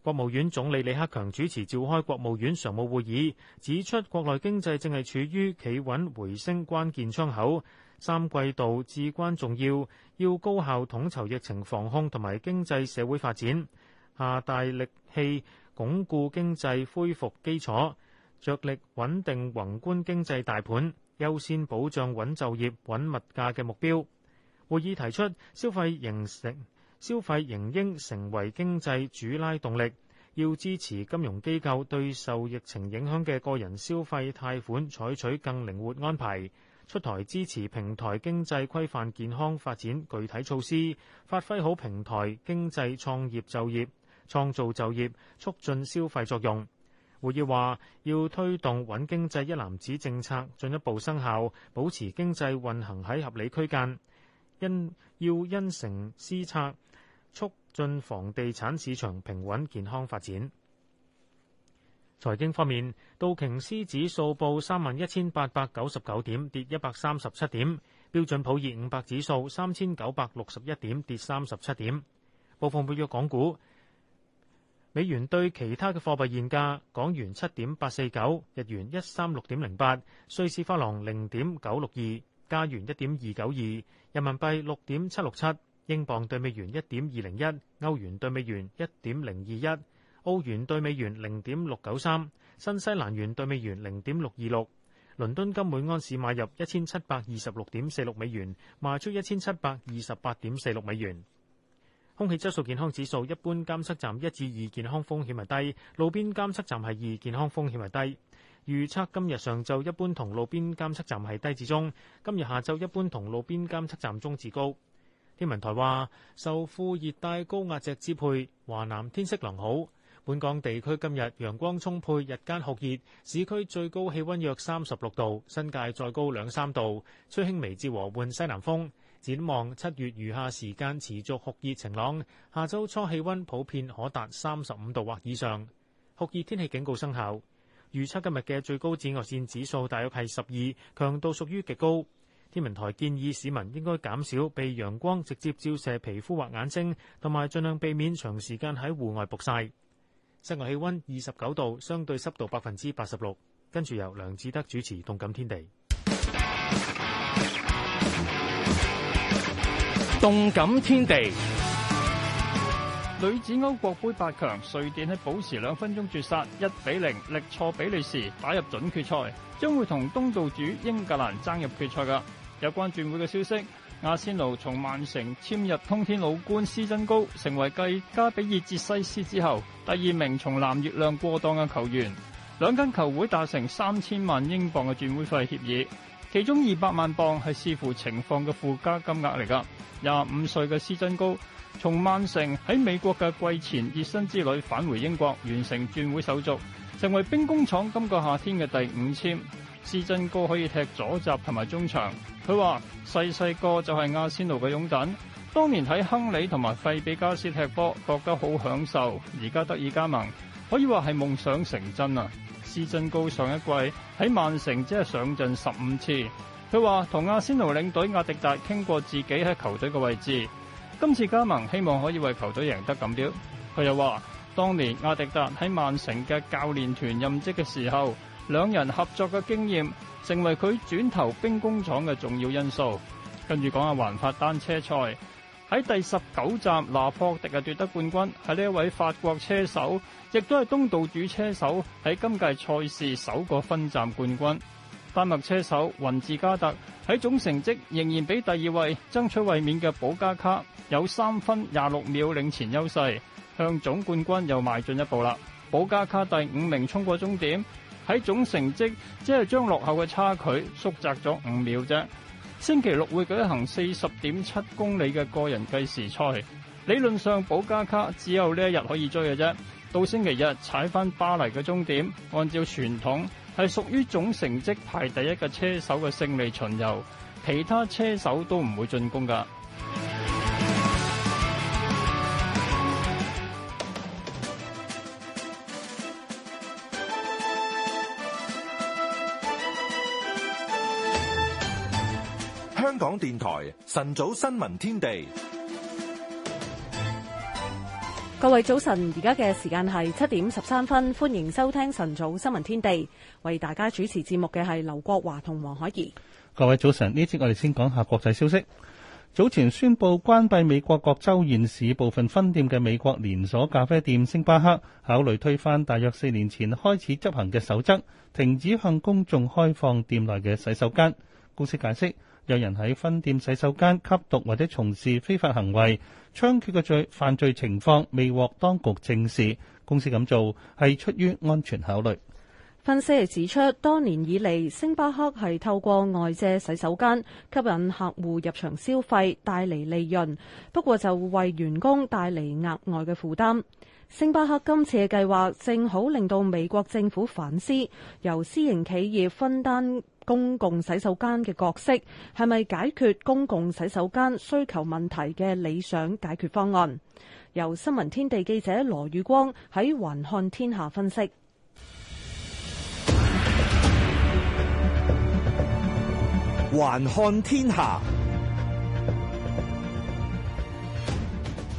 國務院總理李克強主持召開國務院常務會議，指出國內經濟正係處於企穩回升關鍵窗口。三季度至關重要，要高效統籌疫情防控同埋經濟社會發展，下大力氣鞏固經濟恢復基礎，着力穩定宏觀經濟大盤，優先保障穩就業穩物價嘅目標。會議提出，消費形成、消費仍應成為經濟主拉動力，要支持金融機構對受疫情影響嘅個人消費貸款採取更靈活安排。出臺支持平台經濟規範健康發展具體措施，發揮好平台經濟創業就業創造就業促進消費作用。會議話要推動穩經濟一攬子政策進一步生效，保持經濟運行喺合理區間，因要因城施策，促進房地產市場平穩健康發展。財經方面，道瓊斯指數報三萬一千八百九十九點，跌一百三十七點；標準普爾五百指數三千九百六十一點，跌三十七點。報奉每月港股，美元對其他嘅貨幣現價：港元七點八四九，日元一三六點零八，瑞士法郎零點九六二，加元一點二九二，人民幣六點七六七，英鎊兌美元一點二零一，歐元兌美元一點零二一。澳元兌美元零點六九三，新西蘭元兌美元零點六二六。倫敦金每安士買入一千七百二十六點四六美元，賣出一千七百二十八點四六美元。空氣質素健康指數，一般監測站一至二健康風險係低，路邊監測站係二健康風險係低。預測今日上晝一般同路邊監測站係低至中，今日下晝一般同路邊監測站中至高。天文台話，受副熱帶高壓脊支配，華南天色良好。本港地區今日陽光充沛，日間酷熱，市區最高氣溫約三十六度，新界再高兩三度，吹輕微至和緩西南風。展望七月餘下時間持續酷熱晴朗，下週初氣溫普遍可達三十五度或以上。酷熱天氣警告生效，預測今日嘅最高紫外線指數大約係十二，強度屬於極高。天文台建議市民應該減少被陽光直接照射皮膚或眼睛，同埋盡量避免長時間喺戶外曝曬。室外氣溫二十九度，相對濕度百分之八十六。跟住由梁志德主持《動感天地》。《動感天地》女子歐國盃八強，瑞典喺保持兩分鐘絕殺一比零力挫比利時，打入準決賽，將會同東道主英格蘭爭入決賽噶。有關轉會嘅消息。阿仙奴從曼城簽入通天老官斯珍高，成為繼加比爾哲西斯之後第二名從藍月亮過檔嘅球員。兩間球會達成三千萬英鎊嘅轉會費協議，其中二百萬鎊係視乎情況嘅附加金額嚟噶。廿五歲嘅斯珍高從曼城喺美國嘅季前熱身之旅返回英國，完成轉會手續，成為兵工廠今個夏天嘅第五簽。斯振高可以踢左閘同埋中場。佢話細細個就係阿仙奴嘅擁躉，當年睇亨利同埋費比加斯踢波，覺得好享受。而家得以加盟，可以話係夢想成真啊！斯振高上一季喺曼城只係上陣十五次。佢話同阿仙奴領隊阿迪達傾過自己喺球隊嘅位置，今次加盟希望可以為球隊贏得錦標。佢又話當年阿迪達喺曼城嘅教練團任職嘅時候。兩人合作嘅經驗成為佢轉投兵工廠嘅重要因素。跟住講下環法單車賽喺第十九站，拿破迪嘅奪得冠軍，係呢一位法國車手，亦都係東道主車手喺今屆賽事首個分站冠軍。丹麥車手雲治加特喺總成績仍然比第二位爭取衛冕嘅保加卡有三分廿六秒領前優勢，向總冠軍又邁進一步啦。保加卡第五名衝過終點。喺總成績，即係將落後嘅差距縮窄咗五秒啫。星期六會舉行四十點七公里嘅個人計時賽，理論上保加卡只有呢一日可以追嘅啫。到星期日踩翻巴黎嘅終點，按照傳統係屬於總成績排第一嘅車手嘅勝利巡遊，其他車手都唔會進攻㗎。港電台晨早新聞天地，各位早晨，而家嘅時間係七點十三分，歡迎收聽晨早新聞天地。為大家主持節目嘅係劉國華同黃海怡。各位早晨，呢節我哋先講下國際消息。早前宣布關閉美國各州縣市部分分店嘅美國連鎖咖啡店星巴克，考慮推翻大約四年前開始執行嘅守則，停止向公眾開放店內嘅洗手間。公司解釋。有人喺分店洗手間吸毒或者從事非法行為猖獗嘅罪犯罪情況未獲當局正視，公司咁做係出於安全考慮。分析亦指出，多年以嚟，星巴克係透過外借洗手間吸引客戶入場消費帶嚟利潤，不過就會為員工帶嚟額外嘅負擔，星巴克今次嘅計劃正好令到美國政府反思，由私營企業分擔。公共洗手間嘅角色係咪解決公共洗手間需求問題嘅理想解決方案？由新聞天地記者羅宇光喺《環看天下》分析，《環看天下》。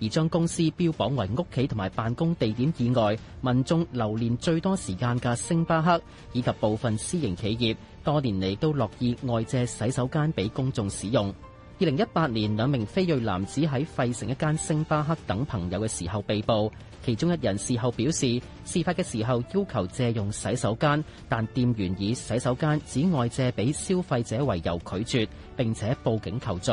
而將公司標榜為屋企同埋辦公地點以外，民眾留連最多時間嘅星巴克，以及部分私營企業，多年嚟都樂意外借洗手間俾公眾使用。二零一八年，兩名非裔男子喺費城一間星巴克等朋友嘅時候被捕，其中一人事後表示，事發嘅時候要求借用洗手間，但店員以洗手間只外借俾消費者為由拒絕，並且報警求助。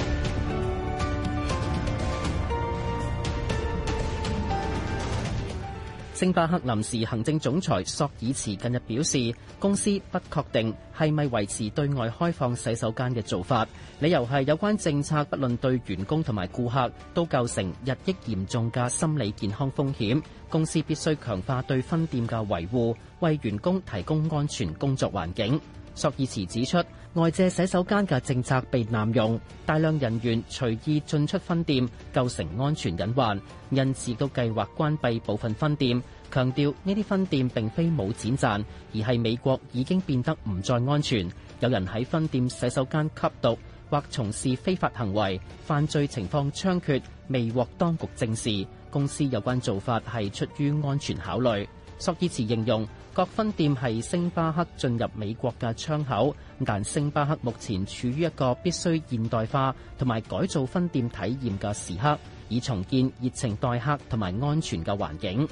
星巴克臨時行政總裁索爾茨近日表示，公司不確定係咪維持對外開放洗手間嘅做法，理由係有關政策不論對員工同埋顧客都構成日益嚴重嘅心理健康風險，公司必須強化對分店嘅維護，為員工提供安全工作環境。索爾茨指出，外借洗手間嘅政策被濫用，大量人員隨意進出分店，構成安全隱患。因此都計劃關閉部分分店，強調呢啲分店並非冇錢賺，而係美國已經變得唔再安全。有人喺分店洗手間吸毒或從事非法行為，犯罪情況猖獗，未獲當局正視。公司有關做法係出於安全考慮。索爾茨形容，各分店係星巴克進入美國嘅窗口，但星巴克目前處於一個必須現代化同埋改造分店體驗嘅時刻，以重建熱情待客同埋安全嘅環境。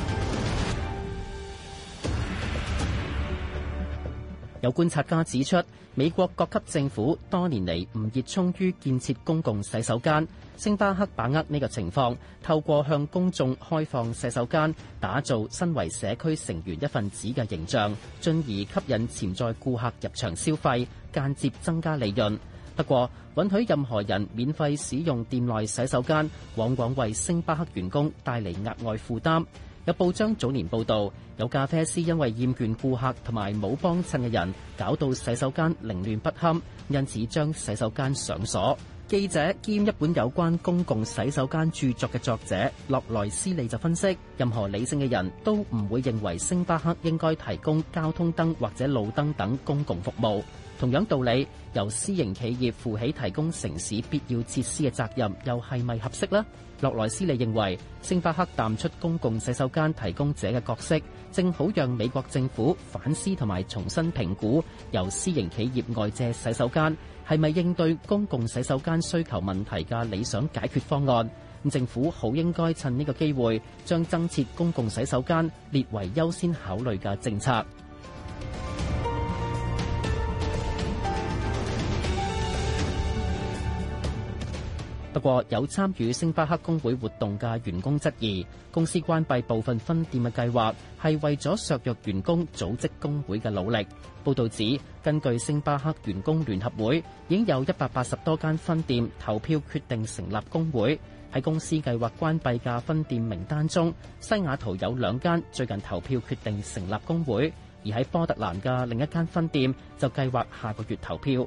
有觀察家指出，美國各級政府多年嚟唔熱衷於建設公共洗手間。星巴克把握呢個情況，透過向公眾開放洗手間，打造身為社區成員一份子嘅形象，進而吸引潛在顧客入場消費，間接增加利潤。不過，允許任何人免費使用店內洗手間，往往為星巴克員工帶嚟額外負擔。有報章早年報道，有咖啡師因為厭倦顧客同埋冇幫襯嘅人，搞到洗手間凌亂不堪，因此將洗手間上鎖。記者兼一本有關公共洗手間著作嘅作者洛萊斯利就分析，任何理性嘅人都唔會認為星巴克應該提供交通燈或者路燈等公共服務。同樣道理，由私營企業負起提供城市必要設施嘅責任，又係咪合適呢？洛萊斯利認為，星巴克淡出公共洗手間提供者嘅角色，正好讓美國政府反思同埋重新評估由私營企業外借洗手間。係咪應對公共洗手間需求問題嘅理想解決方案？政府好應該趁呢個機會，將增設公共洗手間列為優先考慮嘅政策。不過，有參與星巴克工會活動嘅員工質疑，公司關閉部分分店嘅計劃係為咗削弱員工組織工會嘅努力。報導指，根據星巴克員工聯合會，已經有一百八十多間分店投票決定成立工會。喺公司計劃關閉嘅分店名單中，西雅圖有兩間最近投票決定成立工會，而喺波特蘭嘅另一間分店就計劃下個月投票。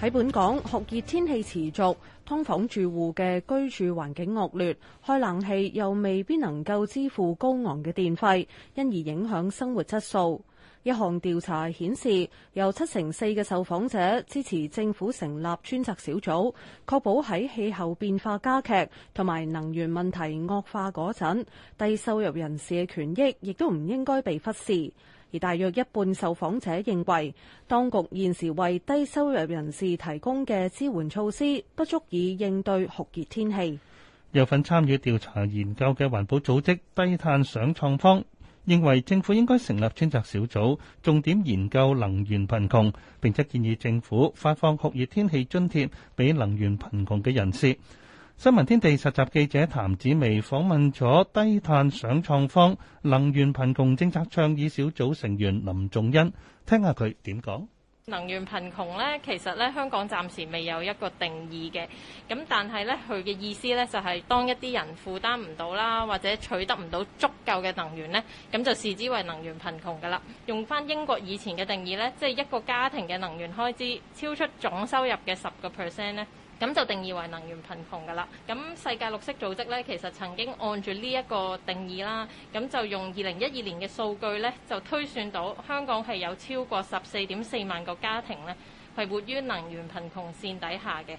喺本港酷熱天氣持續，劏房住戶嘅居住環境惡劣，開冷氣又未必能夠支付高昂嘅電費，因而影響生活質素。一項調查顯示，有七成四嘅受訪者支持政府成立專責小組，確保喺氣候變化加劇同埋能源問題惡化嗰陣，低收入人士嘅權益亦都唔應該被忽視。而大約一半受訪者認為，當局現時為低收入人士提供嘅支援措施不足以應對酷熱天氣。有份參與調查研究嘅環保組織低碳想創坊認為，政府應該成立專責小組，重點研究能源貧窮，並且建議政府發放酷熱天氣津貼俾能源貧窮嘅人士。新聞天地實習記者譚子薇訪問咗低碳想創方能源貧窮政策倡議小組成員林仲恩，聽下佢點講。能源貧窮咧，其實咧，香港暫時未有一個定義嘅，咁但係咧，佢嘅意思咧，就係當一啲人負擔唔到啦，或者取得唔到足夠嘅能源咧，咁就視之為能源貧窮噶啦。用翻英國以前嘅定義咧，即係一個家庭嘅能源開支超出總收入嘅十個 percent 咧。咁就定義為能源貧窮嘅啦。咁世界綠色組織咧，其實曾經按住呢一個定義啦，咁就用二零一二年嘅數據咧，就推算到香港係有超過十四點四萬個家庭咧，係活於能源貧窮線底下嘅。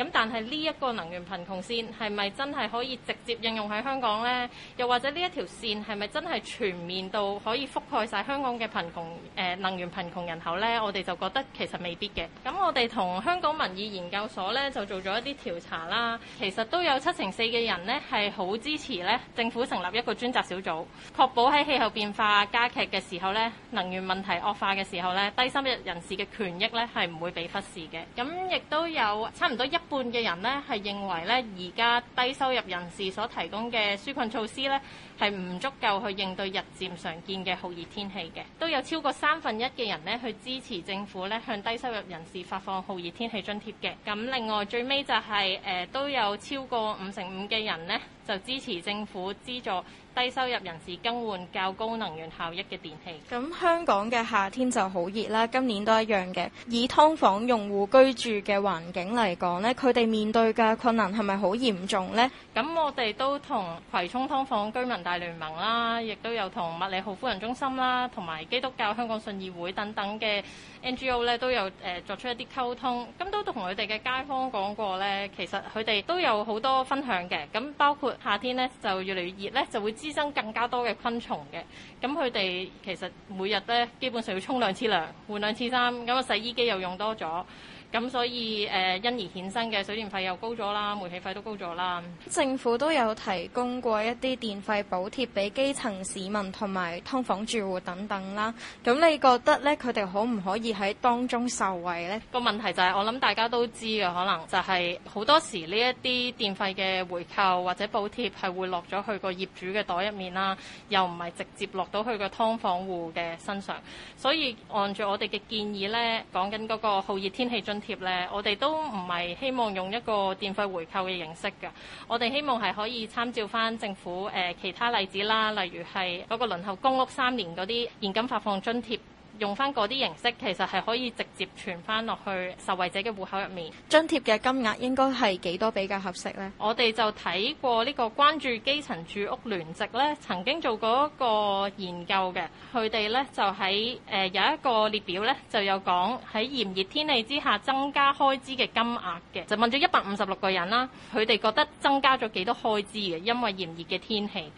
咁但係呢一個能源貧窮線係咪真係可以直接應用喺香港呢？又或者呢一條線係咪真係全面到可以覆蓋曬香港嘅貧窮、誒能源貧窮人口呢？我哋就覺得其實未必嘅。咁我哋同香港民意研究所呢就做咗一啲調查啦，其實都有七成四嘅人呢係好支持呢政府成立一個專責小組，確保喺氣候變化加劇嘅時候呢，能源問題惡化嘅時候呢，低收入人士嘅權益呢係唔會被忽視嘅。咁亦都有差唔多一半嘅人呢，係認為呢而家低收入人士所提供嘅紓困措施呢，係唔足夠去應對日漸常見嘅酷熱天氣嘅，都有超過三分一嘅人呢，去支持政府呢向低收入人士發放酷熱天氣津貼嘅。咁另外最尾就係、是、誒、呃、都有超過五成五嘅人呢，就支持政府資助。低收入人士更換較高能源效益嘅電器。咁香港嘅夏天就好熱啦，今年都一樣嘅。以劏房用戶居住嘅環境嚟講呢，佢哋面對嘅困難係咪好嚴重呢？咁我哋都同葵涌劏房居民大聯盟啦，亦都有同麥理浩夫人中心啦，同埋基督教香港信義會等等嘅。NGO 咧都有誒、呃、作出一啲溝通，咁都同佢哋嘅街坊講過咧，其實佢哋都有好多分享嘅，咁包括夏天咧就越嚟越熱咧，就會滋生更加多嘅昆蟲嘅，咁佢哋其實每日咧基本上要沖兩次涼，換兩次衫，咁個洗衣機又用多咗。咁所以誒、呃、因而衍生嘅水電費又高咗啦，煤氣費都高咗啦。政府都有提供過一啲電費補貼俾基層市民同埋㓥房住戶等等啦。咁你覺得咧，佢哋可唔可以喺當中受惠咧？個問題就係、是、我諗大家都知嘅，可能就係好多時呢一啲電費嘅回扣或者補貼係會落咗去個業主嘅袋入面啦，又唔係直接落到去個劏房戶嘅身上。所以按照我哋嘅建議咧，講緊嗰個酷熱天氣進。貼咧，我哋都唔係希望用一個電費回購嘅形式嘅，我哋希望係可以參照翻政府誒其他例子啦，例如係嗰個輪候公屋三年嗰啲現金發放津貼。用翻嗰啲形式，其實係可以直接傳翻落去受惠者嘅戶口入面。津貼嘅金額應該係幾多比較合適呢？我哋就睇過呢個關注基層住屋聯席呢曾經做過一個研究嘅，佢哋呢就喺誒、呃、有一個列表呢就有講喺炎熱天氣之下增加開支嘅金額嘅，就問咗一百五十六個人啦，佢哋覺得增加咗幾多開支嘅，因為炎熱嘅天氣，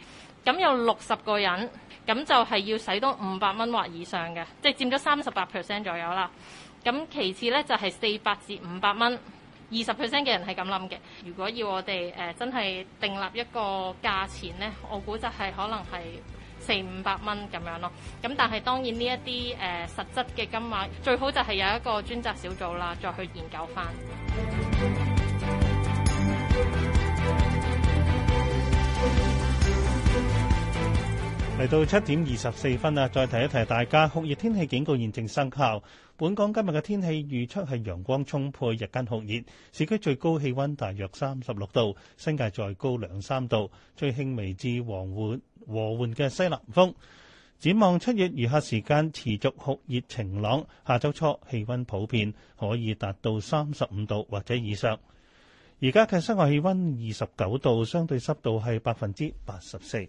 咁有六十個人。咁就係要使多五百蚊或以上嘅，即係佔咗三十八 percent 左右啦。咁其次呢，就係四百至五百蚊二十 percent 嘅人係咁諗嘅。如果要我哋誒、呃、真係訂立一個價錢呢，我估就係可能係四五百蚊咁樣咯。咁但係當然呢，一啲誒實質嘅金額最好就係有一個專責小組啦，再去研究翻。 嚟到七點二十四分啊，再提一提大家，酷熱天氣警告現正生效。本港今日嘅天氣預測係陽光充沛、日間酷熱，市區最高氣溫大約三十六度，新界再高兩三度，最輕微至和緩和緩嘅西南風。展望七月餘下時間持續酷熱晴朗，下周初氣溫普遍可以達到三十五度或者以上。而家嘅室外氣溫二十九度，相對濕度係百分之八十四。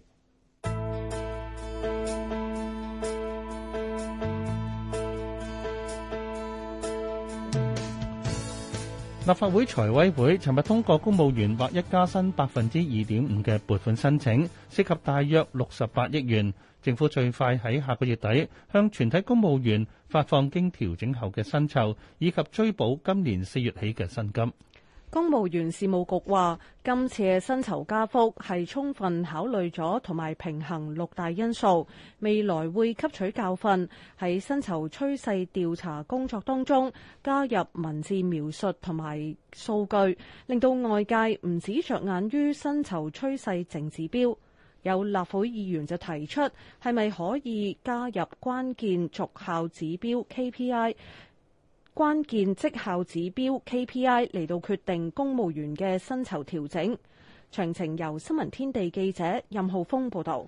立法會財委會尋日通過公務員劃一加薪百分之二點五嘅撥款申請，涉及大約六十八億元。政府最快喺下個月底向全體公務員發放經調整後嘅薪酬，以及追補今年四月起嘅薪金。公務員事務局話：今次嘅薪酬加幅係充分考慮咗同埋平衡六大因素，未來會吸取教訓喺薪酬趨勢調查工作當中加入文字描述同埋數據，令到外界唔止着眼於薪酬趨勢淨指標。有立法會議員就提出，係咪可以加入關鍵績效指標 KPI？關鍵績效指標 KPI 嚟到決定公務員嘅薪酬調整，詳情由新聞天地記者任浩峰報道。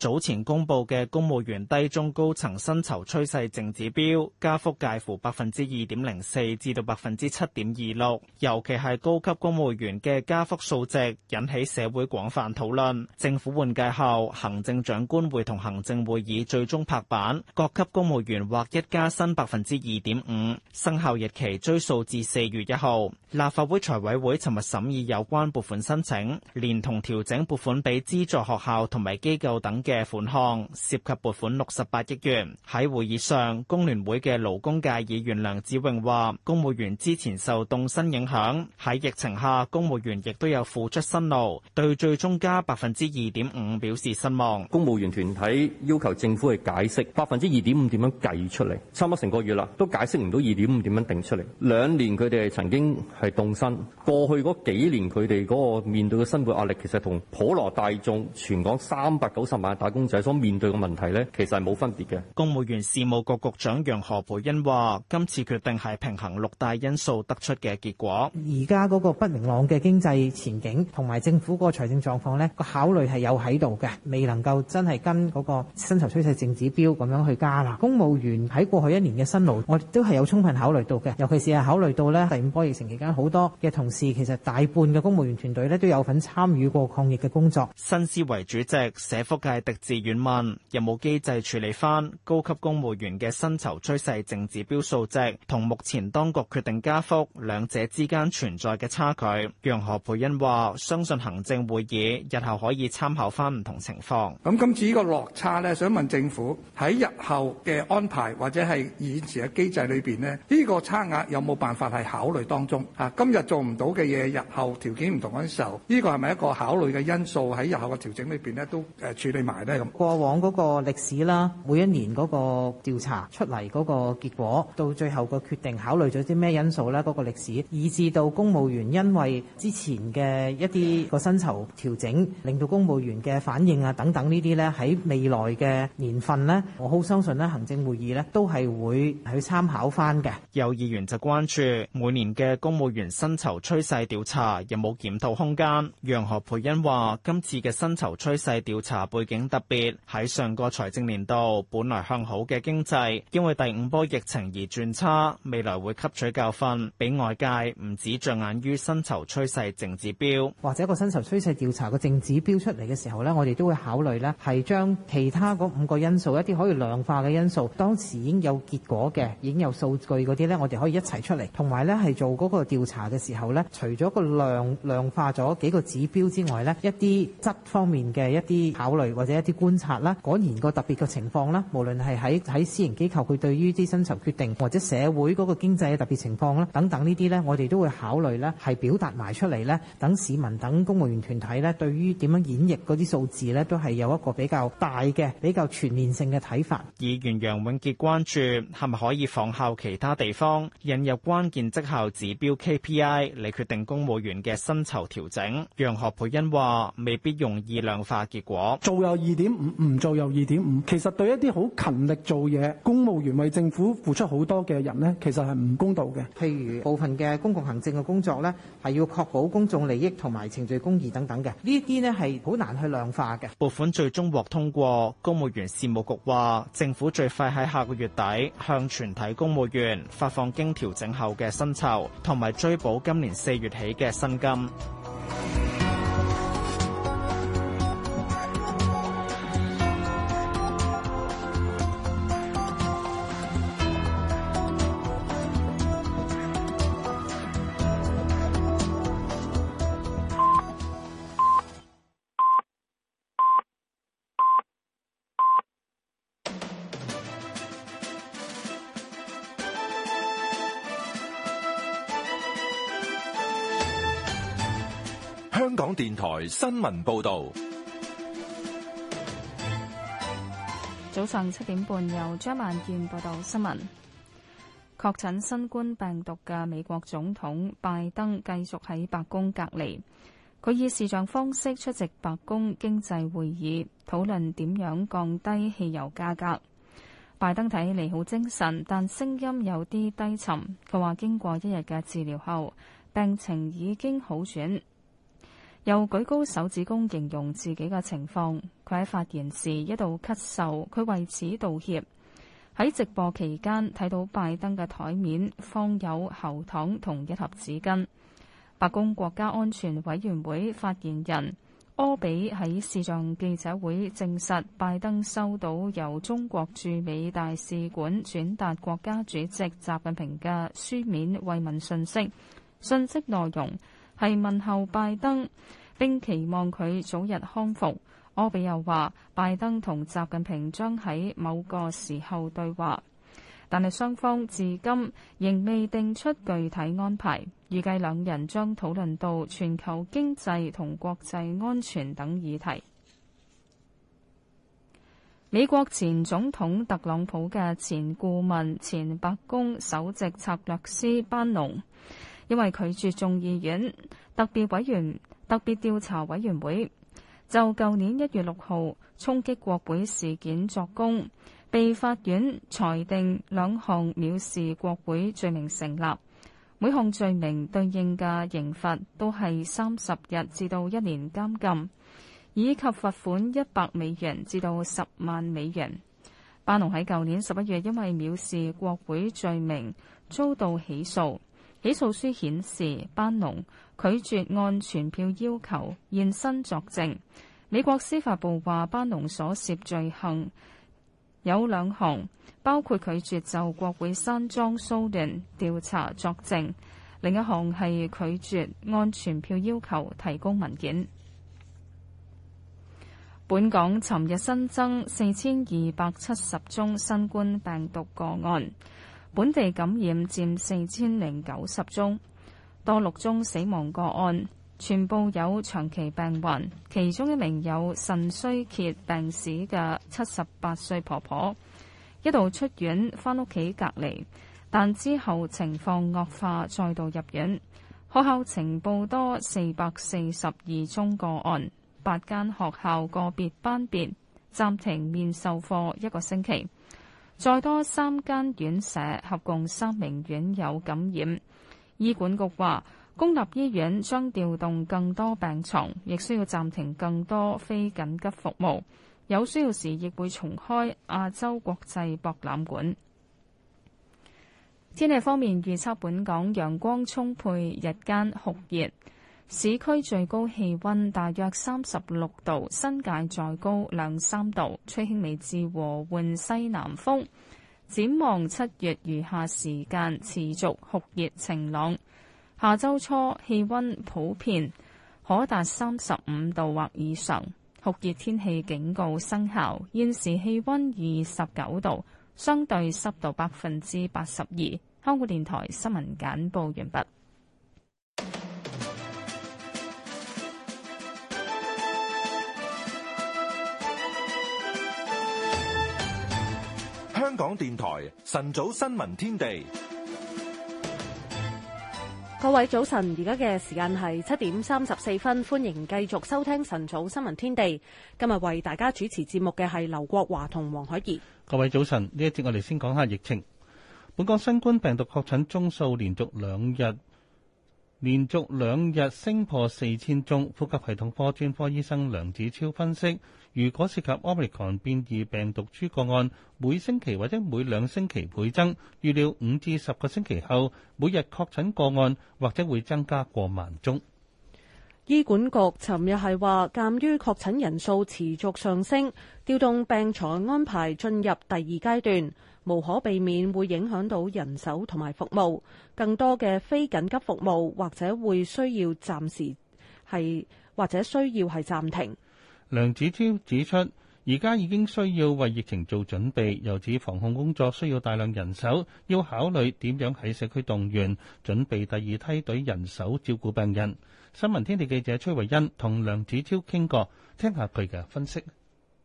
早前公布嘅公務員低中高層薪酬趨勢淨指標，加幅介乎百分之二點零四至到百分之七點二六，尤其係高級公務員嘅加幅數值引起社會廣泛討論。政府換屆後，行政長官會同行政會議最終拍板，各級公務員劃一加薪百分之二點五，生效日期追溯至四月一號。立法會財委會尋日審議有關撥款申請，連同調整撥款俾資助學校同埋機構等嘅款項涉及撥款六十八億元。喺會議上，工聯會嘅勞工界議員梁志榮話，公務員之前受凍薪影響，喺疫情下，公務員亦都有付出辛勞。對最終加百分之二點五表示失望。公務員團體要求政府去解釋百分之二點五點樣計出嚟，差唔多成個月啦，都解釋唔到二點五點樣定出嚟。兩年佢哋曾經係凍薪，過去嗰幾年佢哋嗰個面對嘅生活壓力，其實同普羅大眾全港三百九十萬打工仔所面對嘅問題呢，其實係冇分別嘅。公務員事務局局長楊何培恩話，今次決定係平衡六大因素得出嘅結果。而家嗰個不明朗嘅經濟前景同埋政府嗰個財政狀況呢，個考慮係有喺度嘅，未能夠真係跟嗰個薪酬趨勢淨指標咁樣去加啦。公務員喺過去一年嘅辛勞，我哋都係有充分考慮到嘅，尤其是係考慮到呢第五波疫情期間，好多嘅同事其實大半嘅公務員團隊咧都有份參與過抗疫嘅工作。新思維主席社福界。直至遠問有冇機制處理翻高級公務員嘅薪酬趨勢淨指標數值同目前當局決定加幅兩者之間存在嘅差距？楊何蓓茵話：相信行政會議日後可以參考翻唔同情況。咁今次呢個落差咧，想問政府喺日後嘅安排或者係以前嘅機制裏邊咧，呢、呢個差額有冇辦法係考慮當中？啊，今日做唔到嘅嘢，日後條件唔同嗰時候，呢個係咪一個考慮嘅因素喺日後嘅調整裏邊咧都誒處理埋？過往嗰個歷史啦，每一年嗰個調查出嚟嗰個結果，到最後個決定考慮咗啲咩因素咧？嗰、那個歷史以至到公務員，因為之前嘅一啲個薪酬調整，令到公務員嘅反應啊等等呢啲咧，喺未來嘅年份咧，我好相信咧，行政會議咧都係會去參考翻嘅。有議員就關注每年嘅公務員薪酬趨勢調查有冇檢討空間？楊何蓓茵話：今次嘅薪酬趨勢調查背景。特別喺上個財政年度，本來向好嘅經濟，因為第五波疫情而轉差。未來會吸取教訓，俾外界唔止着眼於薪酬趨勢淨指標，或者個薪酬趨勢調查個淨指標出嚟嘅時候呢，我哋都會考慮呢，係將其他嗰五個因素，一啲可以量化嘅因素，當時已經有結果嘅，已經有數據嗰啲呢，我哋可以一齊出嚟，同埋呢，係做嗰個調查嘅時候呢，除咗個量量化咗幾個指標之外呢，一啲質方面嘅一啲考慮或者一啲觀察啦，果然個特別嘅情況啦，無論係喺喺私營機構，佢對於啲薪酬決定或者社會嗰個經濟嘅特別情況啦，等等呢啲呢，我哋都會考慮咧，係表達埋出嚟呢。等市民等公務員團體呢，對於點樣演繹嗰啲數字呢，都係有一個比較大嘅、比較全面性嘅睇法。議員楊永傑關注係咪可以仿效其他地方引入關鍵績效指標 KPI 嚟決定公務員嘅薪酬調整？楊何蓓茵話：未必容易量化結果，二點五唔做又二點五，其實對一啲好勤力做嘢、公務員為政府付出好多嘅人呢，其實係唔公道嘅。譬如部分嘅公共行政嘅工作呢，係要確保公眾利益同埋程序公義等等嘅，呢啲呢係好難去量化嘅。撥款最終獲通過，公務員事務局話，政府最快喺下個月底向全體公務員發放經調整後嘅薪酬，同埋追補今年四月起嘅薪金。新聞報道，早上七點半由張萬健報道新聞。確診新冠病毒嘅美國總統拜登繼續喺白宮隔離，佢以視像方式出席白宮經濟會議，討論點樣降低汽油價格。拜登睇嚟好精神，但聲音有啲低沉。佢話經過一日嘅治療後，病情已經好轉。又舉高手指公形容自己嘅情況，佢喺發言時一度咳嗽，佢為此道歉。喺直播期間睇到拜登嘅台面放有喉糖同一盒紙巾。白宮國家安全委員會發言人柯比喺視像記者會證實，拜登收到由中國駐美大使館轉達國家主席習近平嘅書面慰問信息，信息內容，係問候拜登，並期望佢早日康復。柯比又話：拜登同習近平將喺某個時候對話，但係雙方至今仍未定出具體安排。預計兩人將討論到全球經濟同國際安全等議題。美國前總統特朗普嘅前顧問、前白宮首席策略師班農，因為拒絕眾議院特別委員特別調查委員會就舊年一月六號衝擊國會事件作供，被法院裁定兩項藐視國會罪名成立，每項罪名對應嘅刑罰都係三十日至到一年監禁，以及罰款一百美元至到十萬美元。班農喺舊年十一月因為藐視國會罪名遭到起訴。起訴書顯示，班農拒絕按傳票要求現身作證。美國司法部話，班農所涉罪行有兩項，包括拒絕就國會山莊騷亂調查作證，另一項係拒絕按傳票要求提供文件。本港尋日新增四千二百七十宗新冠病毒個案。本地感染佔四千零九十宗，多六宗死亡個案，全部有長期病患，其中一名有腎衰竭病史嘅七十八歲婆婆，一度出院返屋企隔離，但之後情況惡化，再度入院。學校情報多四百四十二宗個案，八間學校個別班別暫停面授課一個星期。再多三間院舍合共三名院友感染。醫管局話，公立醫院將調動更多病床，亦需要暫停更多非緊急服務。有需要時，亦會重開亞洲國際博覽館。天氣方面預測，本港陽光充沛日間，日間酷熱。市區最高氣温大約三十六度，新界再高兩三度，吹輕微至和緩西南風。展望七月餘下時間持續酷熱晴朗，下周初氣温普遍可達三十五度或以上，酷熱天氣警告生效。現時氣温二十九度，相對濕度百分之八十二。香港電台新聞簡報完畢。香港電台晨早新聞天地，各位早晨，而家嘅時間係七點三十四分，歡迎繼續收聽晨早新聞天地。今日為大家主持節目嘅係劉國華同黃海怡。各位早晨，呢一節我哋先講下疫情。本港新冠病毒確診宗數連續兩日連續兩日升破四千宗，呼吸系統科專科醫生梁子超分析。如果涉及 Omicron 變異病毒株個案，每星期或者每兩星期倍增，預料五至十個星期後，每日確診個案或者會增加過萬宗。醫管局尋日係話，鑒於確診人數持續上升，調動病床安排進入第二階段，無可避免會影響到人手同埋服務，更多嘅非緊急服務或者會需要暫時，係或者需要係暫停。梁子超指出，而家已經需要為疫情做準備，又指防控工作需要大量人手，要考慮點樣喺社區動員，準備第二梯隊人手照顧病人。新聞天地記者崔慧欣同梁子超傾過，聽下佢嘅分析。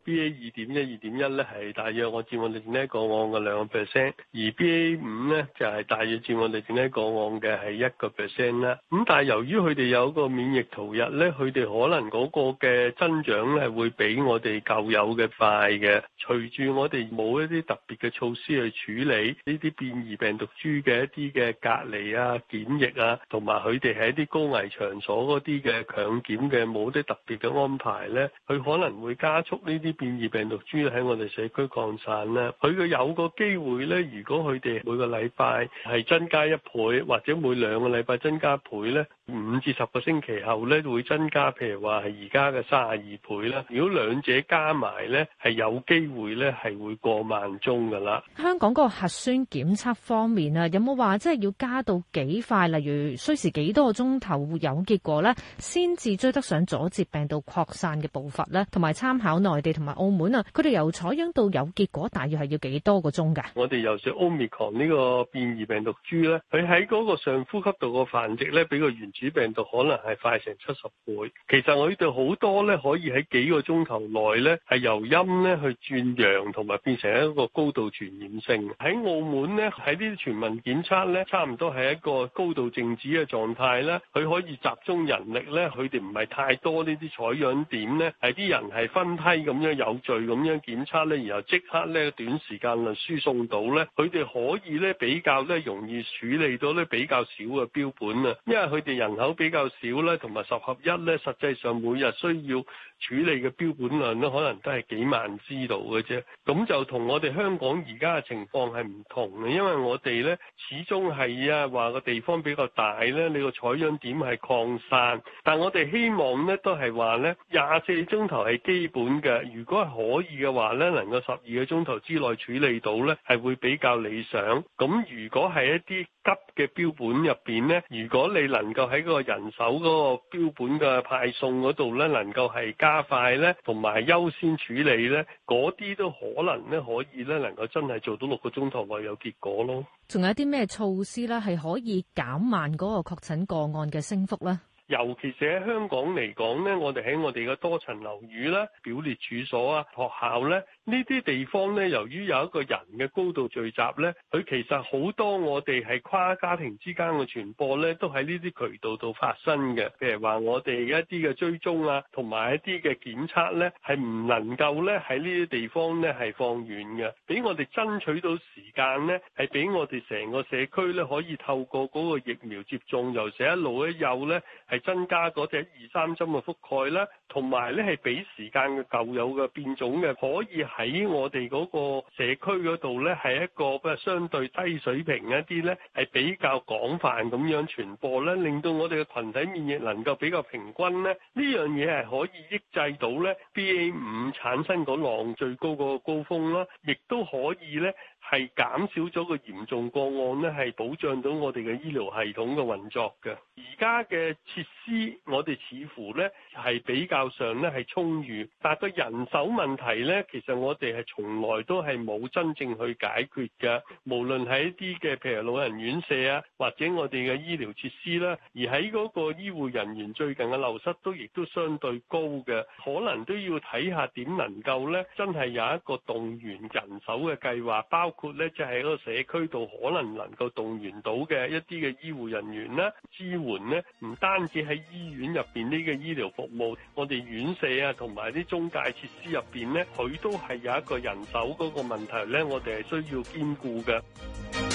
B A 二點一二點一咧係大約我佔我哋剩低個案嘅兩個 percent，而 B A 五咧就係、是、大約佔我哋剩低個案嘅係一個 percent 啦。咁但係由於佢哋有個免疫逃逸咧，佢哋可能嗰個嘅增長係會比我哋舊有嘅快嘅。隨住我哋冇一啲特別嘅措施去處理呢啲變異病毒株嘅一啲嘅隔離啊、檢疫啊，同埋佢哋喺啲高危場所嗰啲嘅強檢嘅冇啲特別嘅安排咧，佢可能會加速呢啲。變異病毒主要喺我哋社區擴散咧，佢嘅有個機會咧，如果佢哋每個禮拜係增加一倍，或者每兩個禮拜增加一倍咧。五至十個星期後咧，會增加，譬如話係而家嘅卅二倍啦。如果兩者加埋咧，係有機會咧係會過萬宗噶啦。香港個核酸檢測方面啊，有冇話即係要加到幾快？例如需時幾多個鐘頭有結果咧，先至追得上阻截病毒擴散嘅步伐咧？同埋參考內地同埋澳門啊，佢哋由採樣到有結果大約係要幾多個鐘噶？我哋由 Omicron 呢個變異病毒株咧，佢喺嗰個上呼吸道個繁殖咧，比個原主病毒可能係快成七十倍。其實佢哋好多咧，可以喺幾個鐘頭內咧，係由陰咧去轉陽同埋變成一個高度傳染性。喺澳門咧，喺呢啲全民檢測咧，差唔多係一個高度靜止嘅狀態咧。佢可以集中人力咧，佢哋唔係太多呢啲採樣點咧，係啲人係分批咁樣有序咁樣檢測咧，然後即刻咧短時間內輸送到咧，佢哋可以咧比較咧容易處理到咧比較少嘅標本啊，因為佢哋有。人口比較少咧，同埋十合一咧，實際上每日需要處理嘅標本量咧，可能都係幾萬支度嘅啫。咁就同我哋香港而家嘅情況係唔同嘅，因為我哋咧始終係啊，話個地方比較大咧，你個採樣點係擴散。但我哋希望咧都係話咧，廿四個鐘頭係基本嘅。如果可以嘅話咧，能夠十二個鐘頭之內處理到咧，係會比較理想。咁如果係一啲急嘅標本入邊呢，如果你能夠喺嗰個人手嗰個標本嘅派送嗰度呢，能夠係加快呢，同埋優先處理呢嗰啲都可能呢，可以呢，能夠真係做到六個鐘頭內有結果咯。仲有啲咩措施咧，係可以減慢嗰個確診個案嘅升幅呢？尤其是喺香港嚟講，我我呢我哋喺我哋嘅多層樓宇啦、表列處所啊、學校咧，呢啲地方咧，由於有一個人嘅高度聚集咧，佢其實好多我哋係跨家庭之間嘅傳播咧，都喺呢啲渠道度發生嘅。譬如話，我哋一啲嘅追蹤啊，同埋一啲嘅檢測咧，係唔能夠咧喺呢啲地方咧係放遠嘅，俾我哋爭取到時間咧，係俾我哋成個社區咧可以透過嗰個疫苗接種，由社一路一幼咧係。增加嗰隻二三針嘅覆蓋啦，同埋咧係俾時間嘅舊有嘅變種嘅，可以喺我哋嗰個社區嗰度咧，係一個比相對低水平一啲咧，係比較廣泛咁樣傳播咧，令到我哋嘅群體免疫能夠比較平均咧，呢樣嘢係可以抑制到咧 BA 五產生嗰浪最高個高峰啦，亦都可以咧。係減少咗個嚴重個案呢係保障到我哋嘅醫療系統嘅運作嘅。而家嘅設施，我哋似乎呢係比較上呢係充裕，但係個人手問題呢，其實我哋係從來都係冇真正去解決嘅。無論喺一啲嘅譬如老人院舍啊，或者我哋嘅醫療設施啦，而喺嗰個醫護人員最近嘅流失都亦都相對高嘅，可能都要睇下點能夠呢，真係有一個動員人手嘅計劃包括。包括咧，即係喺個社區度可能能夠動員到嘅一啲嘅醫護人員咧，支援咧，唔單止喺醫院入邊呢個醫療服務，我哋院舍啊，同埋啲中介設施入邊咧，佢都係有一個人手嗰個問題咧，我哋係需要兼顧嘅。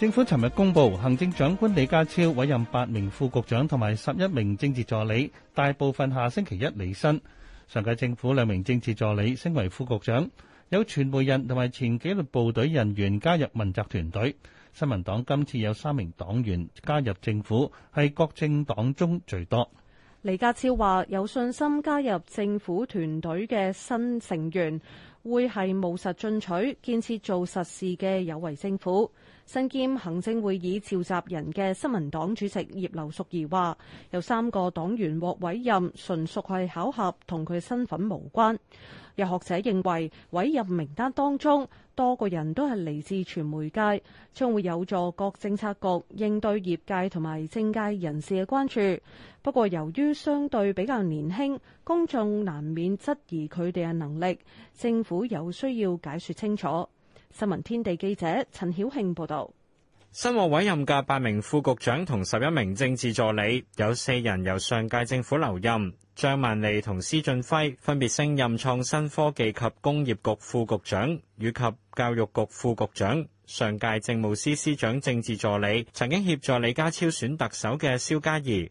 政府尋日公布，行政長官李家超委任八名副局長同埋十一名政治助理，大部分下星期一履新。上屆政府兩名政治助理升為副局長，有傳媒人同埋前紀律部隊人員加入問責團隊。新民黨今次有三名黨員加入政府，係各政黨中最多。李家超話：有信心加入政府團隊嘅新成員，會係務實進取、建設做實事嘅有為政府。身兼行政會議召集人嘅新民黨主席葉劉淑儀話：有三個黨員獲委任，純屬係巧合，同佢身份無關。有學者認為委任名單當中多個人都係嚟自傳媒界，將會有助各政策局應對業界同埋政界人士嘅關注。不過，由於相對比較年輕，公眾難免質疑佢哋嘅能力，政府有需要解説清楚。新聞天地記者陳曉慶報道，新獲委任嘅八名副局長同十一名政治助理，有四人由上屆政府留任。張曼利同施俊輝分別升任創新科技及工業局副局長，以及教育局副局長。上屆政務司司長政治助理，曾經協助李家超選特首嘅蕭嘉儀，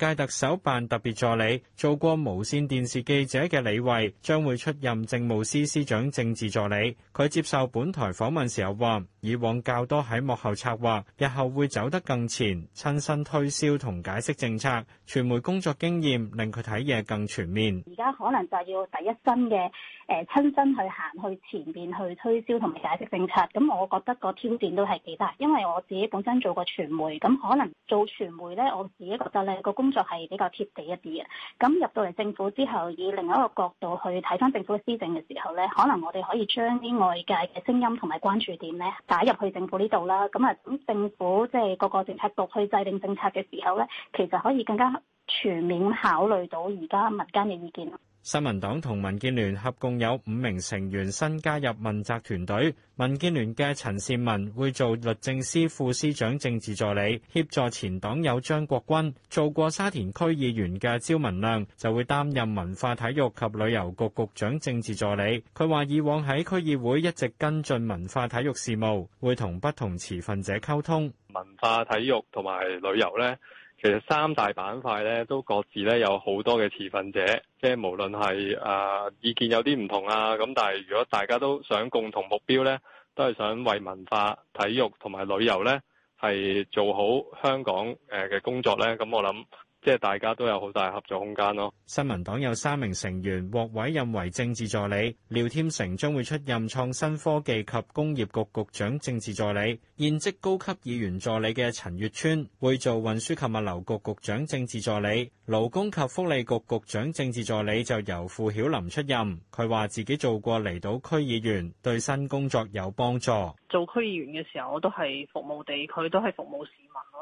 界特首辦特別助理、做過無線電視記者嘅李慧，將會出任政務司司長政治助理。佢接受本台訪問時候話，以往較多喺幕後策劃，日後會走得更前，親身推銷同解釋政策。傳媒工作經驗令佢睇嘢更全面。而家可能就係要第一身嘅。誒親身去行去前面去推銷同埋解釋政策，咁我覺得個挑戰都係幾大，因為我自己本身做過傳媒，咁可能做傳媒呢，我自己覺得呢個工作係比較貼地一啲嘅。咁入到嚟政府之後，以另一個角度去睇返政府嘅施政嘅時候呢，可能我哋可以將啲外界嘅聲音同埋關注點呢打入去政府呢度啦。咁啊，政府即係各個政策局去制定政策嘅時候呢，其實可以更加全面考慮到而家民間嘅意見。新民黨同民建聯合共有五名成員新加入問責團隊，民建聯嘅陳善文會做律政司副司長政治助理，協助前黨友張國軍。做過沙田區議員嘅招文亮就會擔任文化體育及旅遊局局長政治助理。佢話以往喺區議會一直跟進文化體育事務，會同不同持份者溝通文化體育同埋旅遊呢。其實三大板塊咧，都各自咧有好多嘅持份者，即係無論係誒、呃、意見有啲唔同啊，咁但係如果大家都想共同目標咧，都係想為文化、體育同埋旅遊咧，係做好香港誒嘅工作咧，咁我諗。即係大家都有好大合作空間咯。新民黨有三名成員獲委任為政治助理，廖添成將會出任創新科技及工業局局長政治助理；現職高級議員助理嘅陳月川會做運輸及物流局局長政治助理；勞工及福利局局長政治助理就由傅曉林出任。佢話自己做過離島區議員，對新工作有幫助。做區議員嘅時候，我都係服務地區，都係服務。